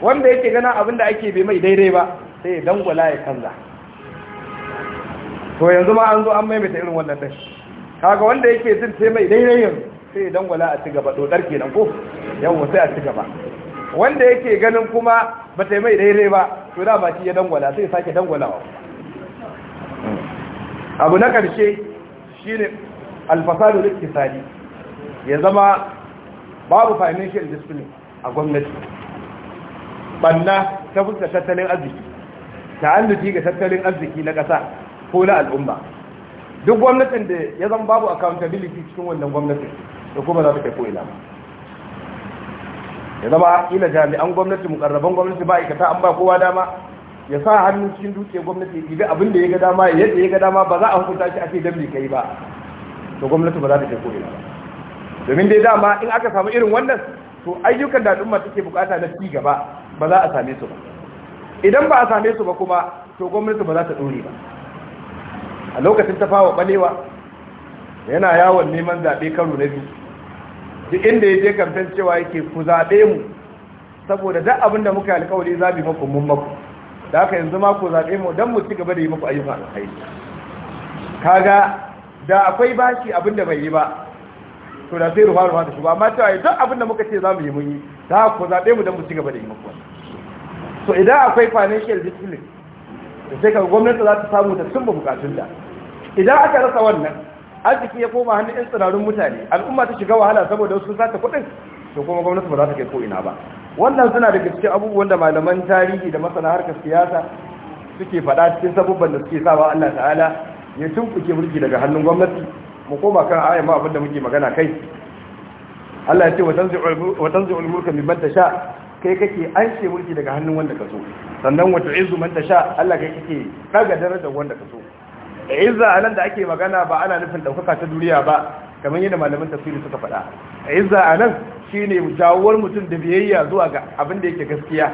wanda yake gana abin da ake bai mai daidai ba sai ya dangwala ya canza to yanzu ma an zo an maimaita irin wannan dashi kaga wanda yake jin sai mai daidai yin sai dan wala a cigaba gaba dodar kenan ko yawo sai a cigaba wanda yake ganin kuma ba sai mai daidai ba to da ba shi ya dangwala sai sake dangwalawa abu na karshe shine alfasadu liktisadi ya zama babu financial discipline a gwamnati banna ta fuska tattalin arziki ta ga tattalin arziki na ƙasa ko na al'umma duk gwamnatin da ya zama babu accountability cikin wannan gwamnatin da kuma za ta kai ko ba ya zama ila jami'an gwamnati mukarraban gwamnati ba aikata an ba kowa dama ya sa hannun cikin duke gwamnati idan abin da ya ga dama yadda ya ga dama ba za a hukunta shi a ce dan kai ba to gwamnati ba za ta kai ko ina ba domin dai dama in aka samu irin wannan to ayyukan da al'umma take bukata na ci gaba ba za a same su ba idan ba a same su ba kuma to gwamnati ba za ta dore ba a lokacin ta fawa balewa yana yawon neman zaɓe karo na biyu duk inda ya je kamfen cewa yake ku zaɓe mu saboda duk abin da muka alkawari zaɓi maku mun maku da aka yanzu ma ku zaɓe mu don mu ci gaba da yi maku ayyukan kai kaga da akwai bashi abin da bai yi ba to da sai ruwa ruwa da shi ba amma cewa duk abin da muka ce za mu yi mun yi da ku zaɓe mu don mu ci gaba da yi maku so idan akwai financial discipline da sai kaga gwamnati za ta samu ta cimma bukatunta idan aka rasa wannan arziki ya koma hannun yan tsirarun mutane al'umma ta shiga wahala saboda wasu sata kuɗin to kuma gwamnati ba za ta kai ko ina ba wannan suna daga cikin abubuwan da malaman tarihi da masana harkar siyasa suke faɗa cikin sabubban da suke sawa Allah ta'ala ya tumfuke mulki daga hannun gwamnati mu koma kan ayan ma da muke magana kai Allah ya ce wa tanzi'ul mulka mimman tasha kai kake an ce mulki daga hannun wanda ka so sannan wata izu man sha? Allah kai kake daga darajar wanda ka so izza anan da ake magana ba ana nufin daukaka ta duniya ba kamar yadda malaman tafsiri suka faɗa izza anan shine jawowar mutum da biyayya zuwa ga abin da yake gaskiya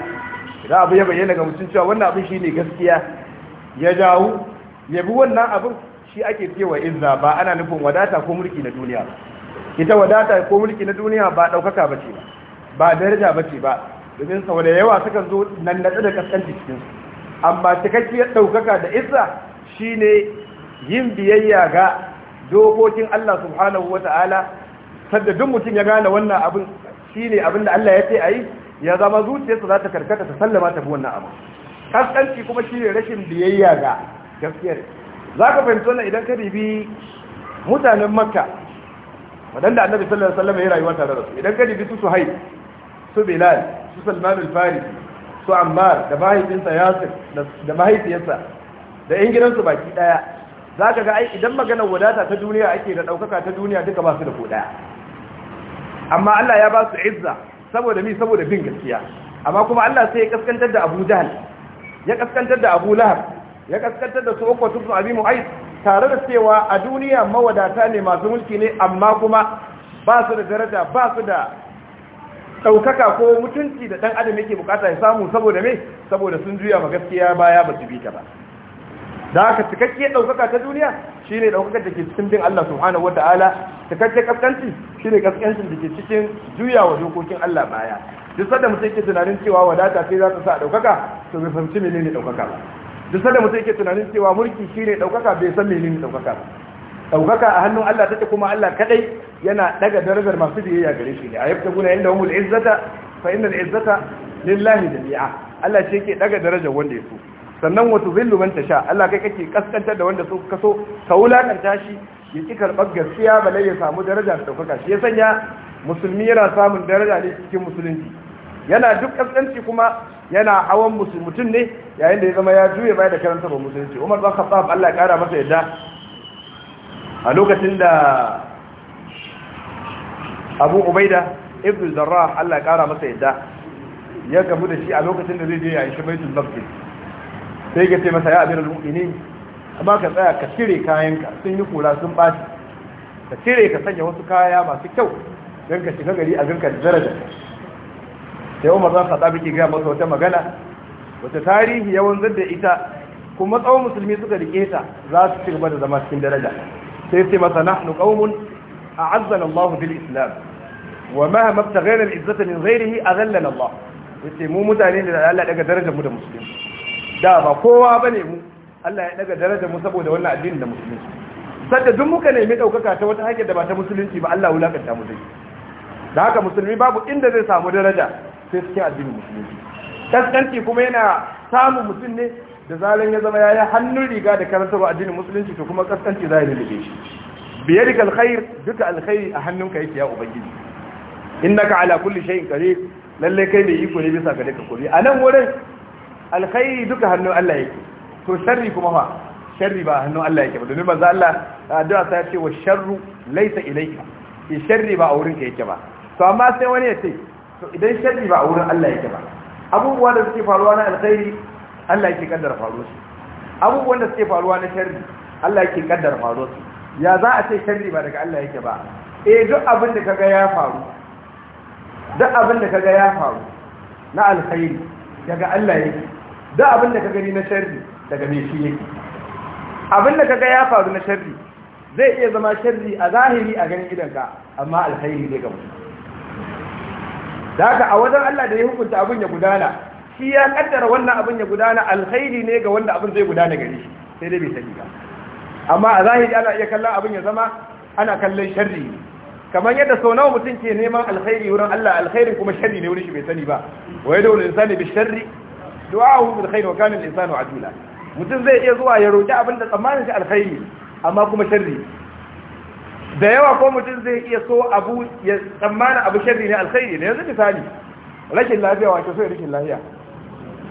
idan abu ya bayyana ga mutum cewa wannan abin shine gaskiya ya jawo ya bi wannan abin shi ake cewa izza ba ana nufin wadata ko mulki na duniya ita wadata ko mulki na duniya ba daukaka bace ba ba daraja bace ba domin sau da yawa suka zo nan da da kaskanci cikin amma cikakkiyar ɗaukaka da isa shine yin biyayya ga dokokin Allah subhanahu wa ta'ala sadda duk mutum ya gane wannan abin shine abin da Allah ya ce a yi ya zama zuciyarsa za ta karkata ta sallama ta fi wannan abu kaskanci kuma shine rashin biyayya ga gaskiyar za ka fahimci wannan idan ka ribi mutanen makka waɗanda annabi sallallahu alaihi sallam ya rayuwa tare da su idan ka ribi su suhaib su bilal su salman al su ammar da mahaifinsa yasir da mahaifiyarsa da yan gidansu baki daya za ka ga ai idan maganar wadata ta duniya ake da ɗaukaka ta duniya duka ba su da ko amma Allah ya ba su izza saboda mi saboda bin gaskiya amma kuma Allah sai ya kaskantar da Abu Jahl ya kaskantar da Abu Lahab ya kaskantar da su Uqba ibn Abi Mu'ayth tare da cewa a duniya mawadata ne masu mulki ne amma kuma ba su da daraja ba su da ɗaukaka ko mutunci da ɗan adam yake bukata ya samu saboda me saboda sun juya ma gaskiya baya ba su bi ta ba da aka cikakke ɗaukaka ta duniya shi ne ɗaukakar da ke cikin bin Allah subhanahu wa ta'ala cikakke kaskanci ne kaskancin da ke cikin juya wa dokokin Allah baya duk sanda mutum yake tunanin cewa wadata sai za ta sa ɗaukaka to bai fahimci menene ɗaukaka ba duk sanda mutum yake tunanin cewa mulki ne ɗaukaka bai san menene ɗaukaka ba ɗaukaka a hannun Allah take kuma Allah kadai yana daga darajar masu biyayya gare shi ne a yabta guna inda humul izzata fa innal izzata lillahi jami'a Allah ce yake daga darajar wanda ya so sannan wa tuzillu man tasha Allah kai kake kaskantar da wanda so ka so ka wulakanta shi ya ki karɓar gaskiya balai ya samu daraja da ɗaukaka shi ya sanya musulmi yana samun daraja ne cikin musulunci yana duk kaskanci kuma yana hawan mutum ne yayin da ya zama ya juye baya da karanta ba musulunci Umar bin Khattab Allah ya kara masa yadda a lokacin da abu ubaida ibn zarra Allah kara masa yadda ya gamu da shi a lokacin da zai je ya yi baitul maqdis sai ya ce masa ya al-mu'mini amma ka tsaya ka cire kayanka sun yi kura sun baci ka cire ka sanya wasu kaya masu kyau don ka shiga gari a ganka da daraja sai Umar zan sada biki ga masa wata magana wata tarihi yawan zadda ita kuma tsawon musulmi suka rike ta za su ci gaba da zama cikin daraja sai ce masa nahnu qaumun a'azzana Allah bil islam wa ma mabtaghayna al izzata min ghayrihi azallana Allah yace mu mutane ne da Allah daga darajar mu da musulmi da ba kowa bane mu Allah ya daga darajar mu saboda wannan addinin da musulmi sadda duk muka nemi daukaka ta wata hanyar da ba ta musulunci ba Allah wulakanta mu dai. da haka musulmi babu inda zai samu daraja sai cikin addinin musulunci kaskanci kuma yana samun mutum ne da zalin ya zama yi hannun riga da karantarwa addinin musulunci to kuma kaskanci zai lulube shi biyadika alkhair duka alkhairi a hannunka yake ya ubangiji innaka ala kulli shay'in qadir lalle kai ne iko ne bisa ga duka kuri anan wurin alkhairi duka hannun Allah yake to sharri kuma fa sharri ba hannun Allah yake ba domin manzo Allah addu'a ya ce wa sharru laysa ilayka shi sharri ba a wurin ka yake ba to amma sai wani ya ce to idan sharri ba a wurin Allah yake ba abubuwa da suke faruwa na alkhairi Allah yake kaddara faruwar su abubuwan da suke faruwa na sharri Allah yake kaddara faruwar su ya za a ce sharri ba daga Allah yake ba eh duk abin da kaga ya faru duk abin da kaga ya faru na alkhairi daga Allah yake duk abin da kaga ni na sharri daga me shi yake abin da kaga ya faru na sharri zai iya zama sharri a zahiri a ganin gidanka amma alkhairi ne ga mutum da haka a wajen Allah da ya hukunta abin ya gudana shi ya kaddara wannan abin ya gudana alkhairi ne ga wanda abin zai gudana gare shi sai dai bai sani ba amma a zahiri ana iya kallon abin ya zama ana kallon sharri kamar yadda sau nawa mutum ke neman alkhairi wurin Allah alkhairin kuma sharri ne wurin shi bai sani ba wa yadu lil insani bi sharri du'ahu bil khair wa kana al insanu ajula mutum zai iya zuwa ya roki abin da tsammanin shi alkhairi amma kuma sharri da yawa ko mutum zai iya so abu ya tsammanin abu sharri ne alkhairi ne yanzu misali rashin lafiya wato so rashin lafiya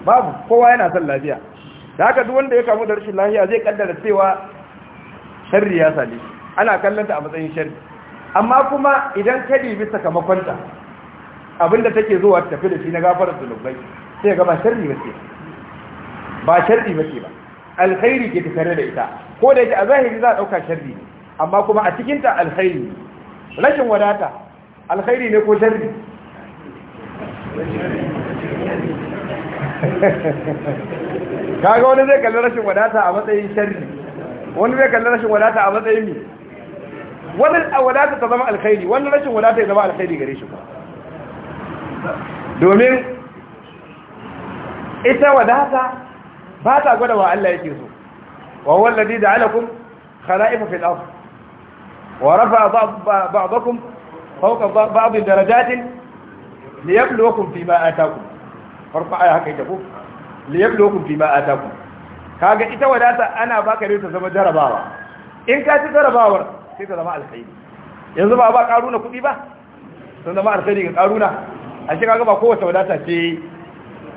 babu kowa yana son lafiya da haka duk wanda ya kamu da rashin lafiya zai kaddara cewa sharri ya sale ana kallanta a matsayin sharri amma kuma idan ka dibi sakamakonta abinda take zuwa tafi da shi na gafarar zunubai sai ga ba sharri ba ce ba sharri ba ce ba alkhairi ke tattare da ita ko da yake a zahiri za a dauka sharri amma kuma a cikin ta alkhairi rashin wadata alkhairi ne ko sharri kaga wani zai kalli rashin wadata a matsayin sharri wani zai kalli rashin wadata a matsayin mi wani wadata ta zama alkhairi wani rashin wadata ya zama alkhairi gare shi ba domin ita wadata ba ta gwada wa Allah yake so wa wallazi ja'alakum khala'ifa fil ard wa rafa'a ba'dakum fawqa ba'd darajatin liyabluwakum fima ataakum farko aya haka yake ko li yabluwakum fi ma atakum kaga ita wadata ana baka ne ta zama jarabawa in ka ci jarabawar sai ta zama alkhairi yanzu ba ba karuna kuɗi ba sun zama alkhairi ga karuna a shi kaga ba kowace wadata ce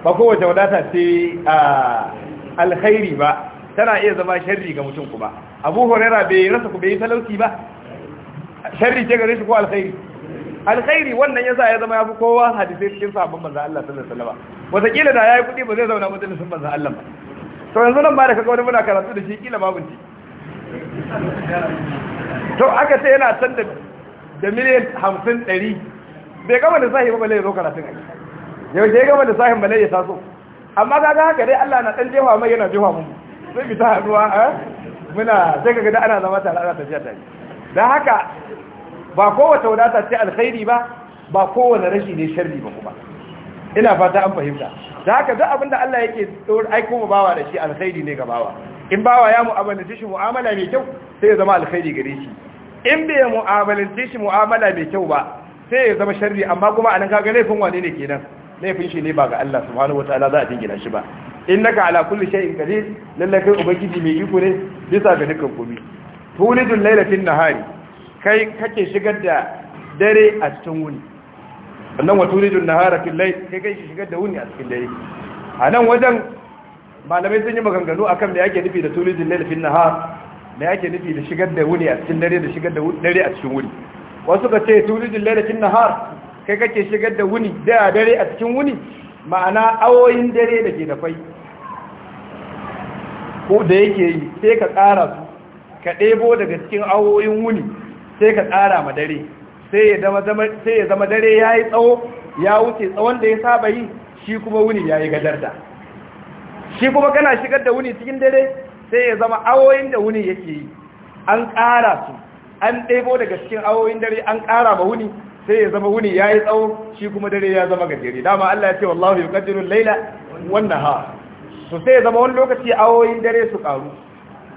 ba kowace wadata ce a alkhairi ba tana iya zama sharri ga mutum kuma abu horera bai rasa ku bai talauci ba sharri ce gare shi ko alkhairi alkhairi wannan yasa ya zama yafi kowa hadisai cikin sabon manzo Allah sallallahu alaihi wasallam wataƙila da yayi kuɗi ba zai zauna majalisin manzo Allah ba to yanzu nan ba da kaga wani muna karatu da shi kila babu ci to aka ce yana san da da miliyan 50 ɗari bai gama da sahi ba zai zo karatun aiki yau sai gama da sahin ba zai ya taso amma kaga haka dai Allah na dan jefa mai yana jefa mu sai bi ta haruwa eh? muna sai kaga da ana zama tare ana tafiya tare dan haka ba kowace wadata ce alkhairi ba ba kowane rashi ne sharri ba kuma ina fata an fahimta da haka duk abinda Allah yake aiko mu bawa da shi alkhairi ne ga bawa in bawa ya mu'amalance shi mu'amala mai kyau sai ya zama alkhairi gare shi in bai mu'amalance shi mu'amala mai kyau ba sai ya zama sharri amma kuma anan kaga laifin wane ne kenan laifin shi ne ba ga Allah subhanahu wataala za a jingina shi ba innaka ala kulli shay'in qadir lallai kai ubangiji mai iko ne bisa ga dukkan komai tulidul laila fin nahari kai kake shigar da dare a cikin wuni sannan wa turidun nahara fil layl kai kake shigar da wuni a cikin dare a nan wajen malamai sun yi maganganu akan me yake nufi da turidun layl fil nahar me yake nufi da shigar da wuni a cikin dare da shigar da dare a cikin wuni wasu ka ce turidun layl fil nahar kai kake shigar da wuni da dare a cikin wuni ma'ana awoyin dare da ke da fai ko da yake yi sai ka tsara su ka ɗebo daga cikin awoyin wuni sai ka tsara ma dare sai ya zama dare ya yi tsawo ya wuce tsawon da ya saba yi shi kuma wuni ya yi da shi kuma kana shigar da wuni cikin dare sai ya zama awoyin da wuni yake yi an ƙara su an ɗebo daga cikin awoyin dare an ƙara ma wuni sai ya zama wuni ya yi tsawo shi kuma dare ya zama gajere dama Allah ya ce wallahu yuqaddiru layla wannan ha to sai ya zama wani lokaci awoyin dare su karu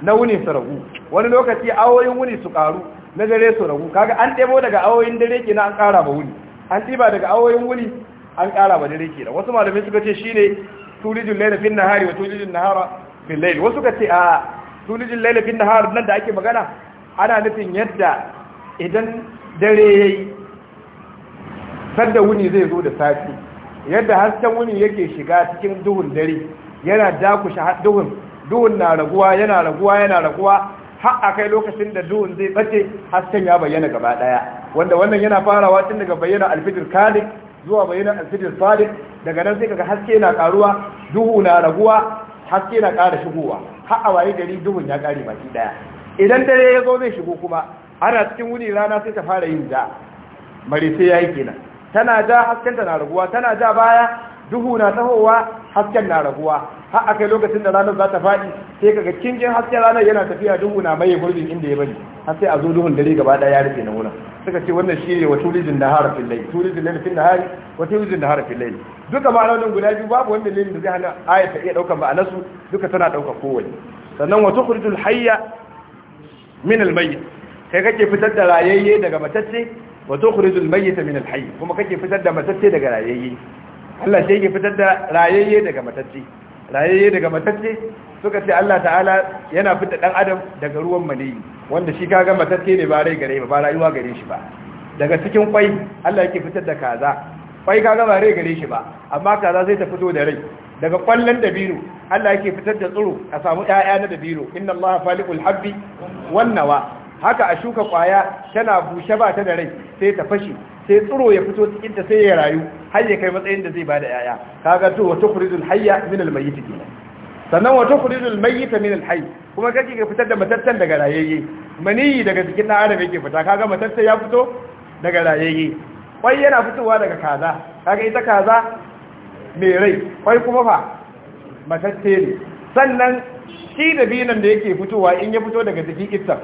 na wuni su ragu wani lokaci awoyin wuni su karu. na dare su ragu kaga an ɗebo daga awoyin dare kenan an ƙara ba wuni an ɗiba daga awoyin wuni an ƙara ba dare kenan wasu malamai suka ce shine tulijin laila fin nahari wa tulijin nahara fil lail wasu suka ce a tulijin laila fin nahari nan da ake magana ana nufin yadda idan dare yayi sanda wuni zai zo da safi yadda hasken wuni yake shiga cikin duhun dare yana dakushe duhun duhun na raguwa yana raguwa yana raguwa har a kai lokacin da duhun zai bace hasken ya bayyana gaba daya wanda wannan yana farawa tun daga bayyana alfijir kalik zuwa bayyana alfijir salik daga nan sai kaga haske na karuwa duhu na raguwa haske na kara shigowa har a waye gari duhun ya kare baki daya idan dare ya zo zai shigo kuma ana cikin wuni rana sai ta fara yin da mare sai yayi kenan tana da hasken ta na raguwa tana da baya duhu na tahowa hasken na raguwa har akai lokacin da ranar za ta faɗi sai kaga kingin hasken ranar yana tafiya duhu na mai gurbin inda ya bari har sai a zo duhun dare gaba ɗaya ya rufe na wurin suka ce wannan shi ne wa turizin da harafin fillai turizin lai fin hari wa turizin da harafin fillai duka ma'anonin guda biyu babu wanda lai da zai hana ta iya ɗaukar nasu duka tana ɗaukar kowane sannan wa tukhrijul hayya min al mayyit kai kake fitar da rayayye daga matacce wa tukhrijul mayyita min al hayy kuma kake fitar da matacce daga rayayye Allah shi yake fitar da rayayye daga matacce rayayye daga matacce suka ce Allah ta'ala yana fitar dan adam daga ruwan maniyi wanda shi kaga matacce ne ba rai gare ba ba rayuwa gare shi ba daga cikin kwai Allah yake fitar da kaza kwai kaga ba rai gare shi ba amma kaza zai ta fito da rai daga kwallon dabino Allah yake fitar da tsiro a samu ƴaƴa na dabino inna Allah faliqul habbi wan nawa haka a shuka kwaya tana bushe ba ta da rai sai ta fashi sai tsiro ya fito cikin ta sai ya rayu har ya kai matsayin da zai bada yaya kaga to wa tukhrijul hayya min al mayyit kenan sannan wa tukhrijul mayyit min al hayy kuma kake ka fitar da matattan daga rayayye maniyi daga cikin dan adam yake fita kaga matattan ya fito daga rayayye kwai yana fitowa daga kaza kaga ita kaza me rai kwai kuma fa matatte ne sannan shi da binan da yake fitowa in ya fito daga jiki ita.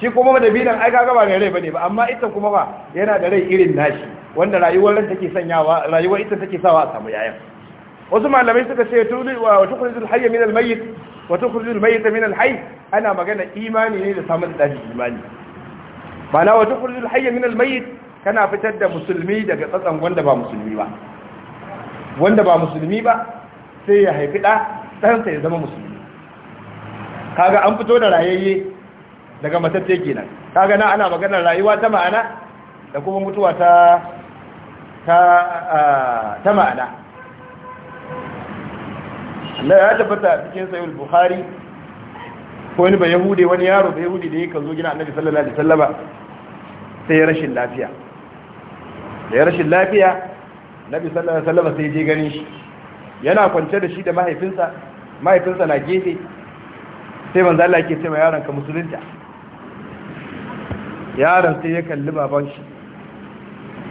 shi kuma binan ai kaga ba mai rai bane ba amma ita kuma ba yana da rai irin nashi wanda rayuwar ran take sanyawa rayuwar ita take sawa a samu yayan wasu malamai suka ce tudi wa tukhrijul hayy min al mayyit wa tukhrijul mayyit min al hayy ana magana imani ne da samun dadi imani bala wa tukhrijul hayy min al mayyit kana fitar da musulmi daga tsatsan wanda ba musulmi ba wanda ba musulmi ba sai ya haifi da sai ya zama musulmi kaga an fito da rayayye daga matacce nan. kaga gana ana maganar rayuwa ta ma'ana da kuma mutuwa ta ta ta ma'ana Allah ya tabbata cikin sahih bukhari ko wani ba yahude wani yaro bai yahude da yake zo gina annabi sallallahu alaihi wasallama sai ya rashin lafiya da ya rashin lafiya nabi sallallahu alaihi wasallama sai je ganin shi yana kwance da shi da mahaifinsa mahaifinsa na gefe sai manzo Allah yake cewa yaron ka musulunta yaron sai ya kalli baban shi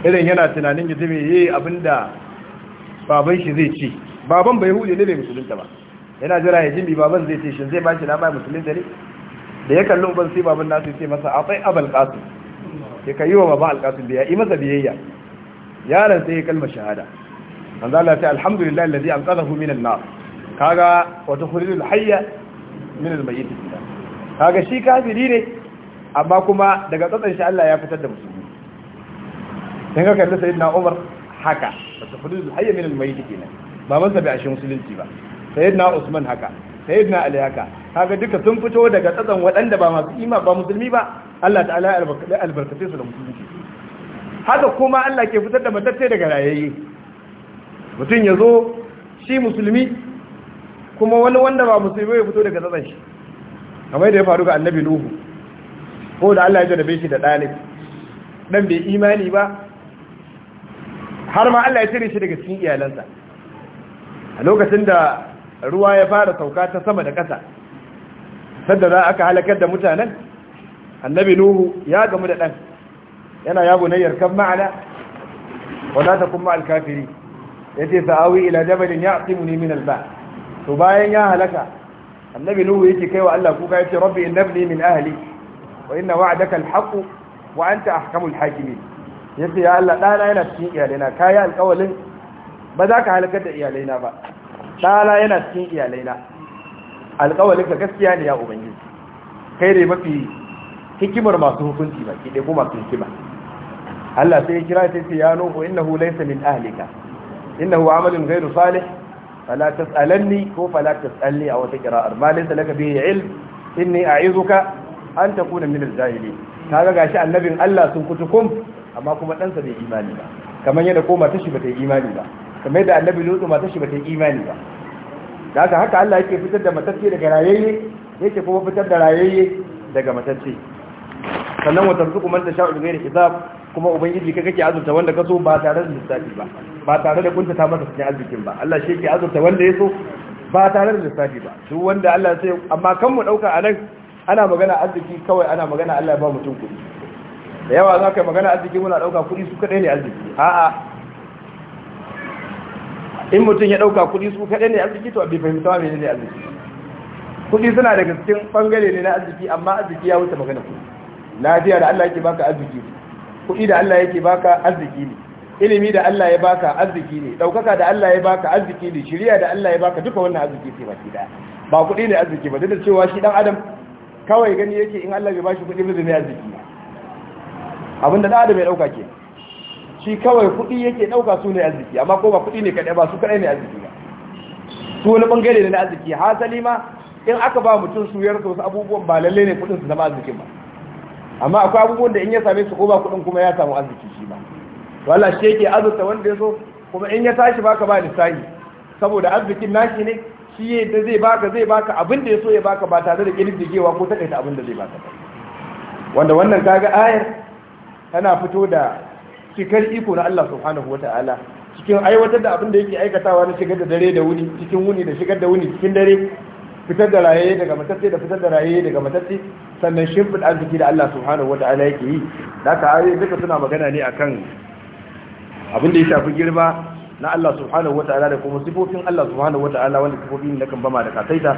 irin yana tunanin ya zai yi abinda da baban shi zai ce baban bai hude ne bai musulunta ba yana jira ya jimi baban zai ce shi zai ba shi na bai musulunta ne da ya kalli uban sai baban nasu ce masa a abal kasu ya kai wa baban alkasu biya yi masa biyayya yaron sai ya kalma shahada zala Allah alhamdulillah ce an alladhi hu minan na kaga wata hulilul hayya mai yi ta kaga shi kafiri ne amma kuma daga tsatsan shi Allah ya fitar da musulmi sai ga kalli sayyidina Umar haka da hayya min al-mayyit kenan ba masa bai ashe musulunci ba sayyidina Usman haka sayyidina Ali haka kaga duka sun fito daga tsatsan waɗanda ba masu ima ba musulmi ba Allah ta'ala ya albarkace su da musulunci haka kuma Allah ke fitar da matatte daga rayayye mutum ya zo shi musulmi kuma wani wanda ba musulmi ya fito daga tsatsan shi kamar da ya faru ga annabi Nuhu ko da Allah ya jarabe shi da ɗalib ɗan bai imani ba har ma Allah ya cire shi daga cikin iyalansa a lokacin da ruwa ya fara sauka ta sama da ƙasa sadda za aka halakar da mutanen annabi nuhu ya gamu da ɗan yana yabo na yarkar ma'ana wala ta kuma alkafiri ya ce sa'awi ila jabalin ya asimu ne min alba to bayan ya halaka annabi nuhu yake kai wa Allah kuka ya ce rabbi innabni min ahali". wa inna wa'adaka alhaqu wa anta ahkamul hakimin yace ya Allah dana yana cikin iyalaina kai alƙawalin ba za ka halakar da iyalaina ba dana yana cikin iyalaina alƙawalin ka gaskiya ne ya ubangiji kai ne mafi hikimar masu hukunci ba ki dai kuma masu hikima Allah sai ya kira ta ce ya nuhu innahu laysa min ahlika innahu amalun ghayru salih fala tas'alanni ko fala tas'alni a wata qira'ar ma laysa laka bihi ilm inni a'izuka an takuna min al-jahili ga gashi annabin Allah sun kutu kum amma kuma ɗansa bai imani ba kamar yadda ko mata shi ta yi imani ba kamar yadda annabin lutsu mata shi ta yi imani ba da haka haka Allah yake fitar da matacce daga rayayye yake kuma fitar da rayayye daga matacce sannan wata su kuma tasha'u sha'ul gairi hisab kuma ubangiji ka kake azurta wanda ka so, ba tare da lissafi ba ba tare da kunta ta masa cikin arzikin ba Allah shi yake azurta wanda ya so, ba tare da lissafi ba duk wanda Allah sai amma kan mu dauka anan ana magana arziki kawai ana magana Allah ba mutum kuɗi da yawa za ka yi magana arziki muna ɗauka kuɗi su kaɗai ne arziki a'a in mutum ya ɗauka kuɗi su kaɗai ne arziki to bai fahimta mene ne arziki kuɗi suna daga cikin ɓangare ne na arziki amma arziki ya wuce magana kuɗi lafiya da Allah yake baka arziki ne kuɗi da Allah yake baka arziki ne ilimi da Allah ya baka arziki ne ɗaukaka da Allah ya baka arziki ne shiriya da Allah ya baka duka wannan arziki ce ba ɗaya ba kuɗi ne arziki ba duk da cewa shi dan adam kawai gani yake in Allah bai bashi kuɗi bai ya ziki abinda da adam ya dauka ke shi kawai kuɗi yake dauka su ne arziki amma ko ba kuɗi ne kadai ba su kadai ne arziki ba su wani bangare ne na arziki hasali ma in aka ba mutum su yarda wasu abubuwan ba lalle ne kuɗin su zama arzikin ba amma akwai abubuwan da in ya same su ko ba kuɗin kuma ya samu arziki shi ba to Allah shi yake azurta wanda ya so kuma in ya tashi baka ba lissahi saboda arzikin nashi ne shi yadda zai baka zai baka abin da ya so ya baka ba tare da kirkigewa ko takaita abin da zai baka ba wanda wannan kaga ayar tana fito da cikar iko na Allah subhanahu wataala cikin aiwatar da abin da yake aikatawa na shigar da dare da wuni cikin wuni da shigar da wuni cikin dare fitar da rayaye daga matatse da fitar da rayaye daga matatse sannan shimfid arziki da Allah subhanahu wataala yake yi da ka ayoyi duka suna magana ne akan abin da ya shafi girma na Allah subhanahu wata'ala da kuma sifofin Allah subhanahu wata'ala wanda sifofi ne kan bama da kataita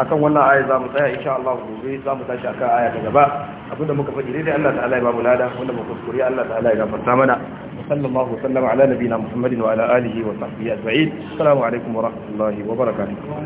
akan wannan aya za mu tsaya insha Allah gobe za mu tashi akan aya ta gaba abinda muka faɗi dai Allah ta'ala ya ba mu lada wanda muka kuskure Allah ta'ala ya gafarta mana sallallahu sallama ala nabiyina muhammadin wa ala alihi wa sahbihi ajma'in assalamu alaikum wa rahmatullahi wa barakatuh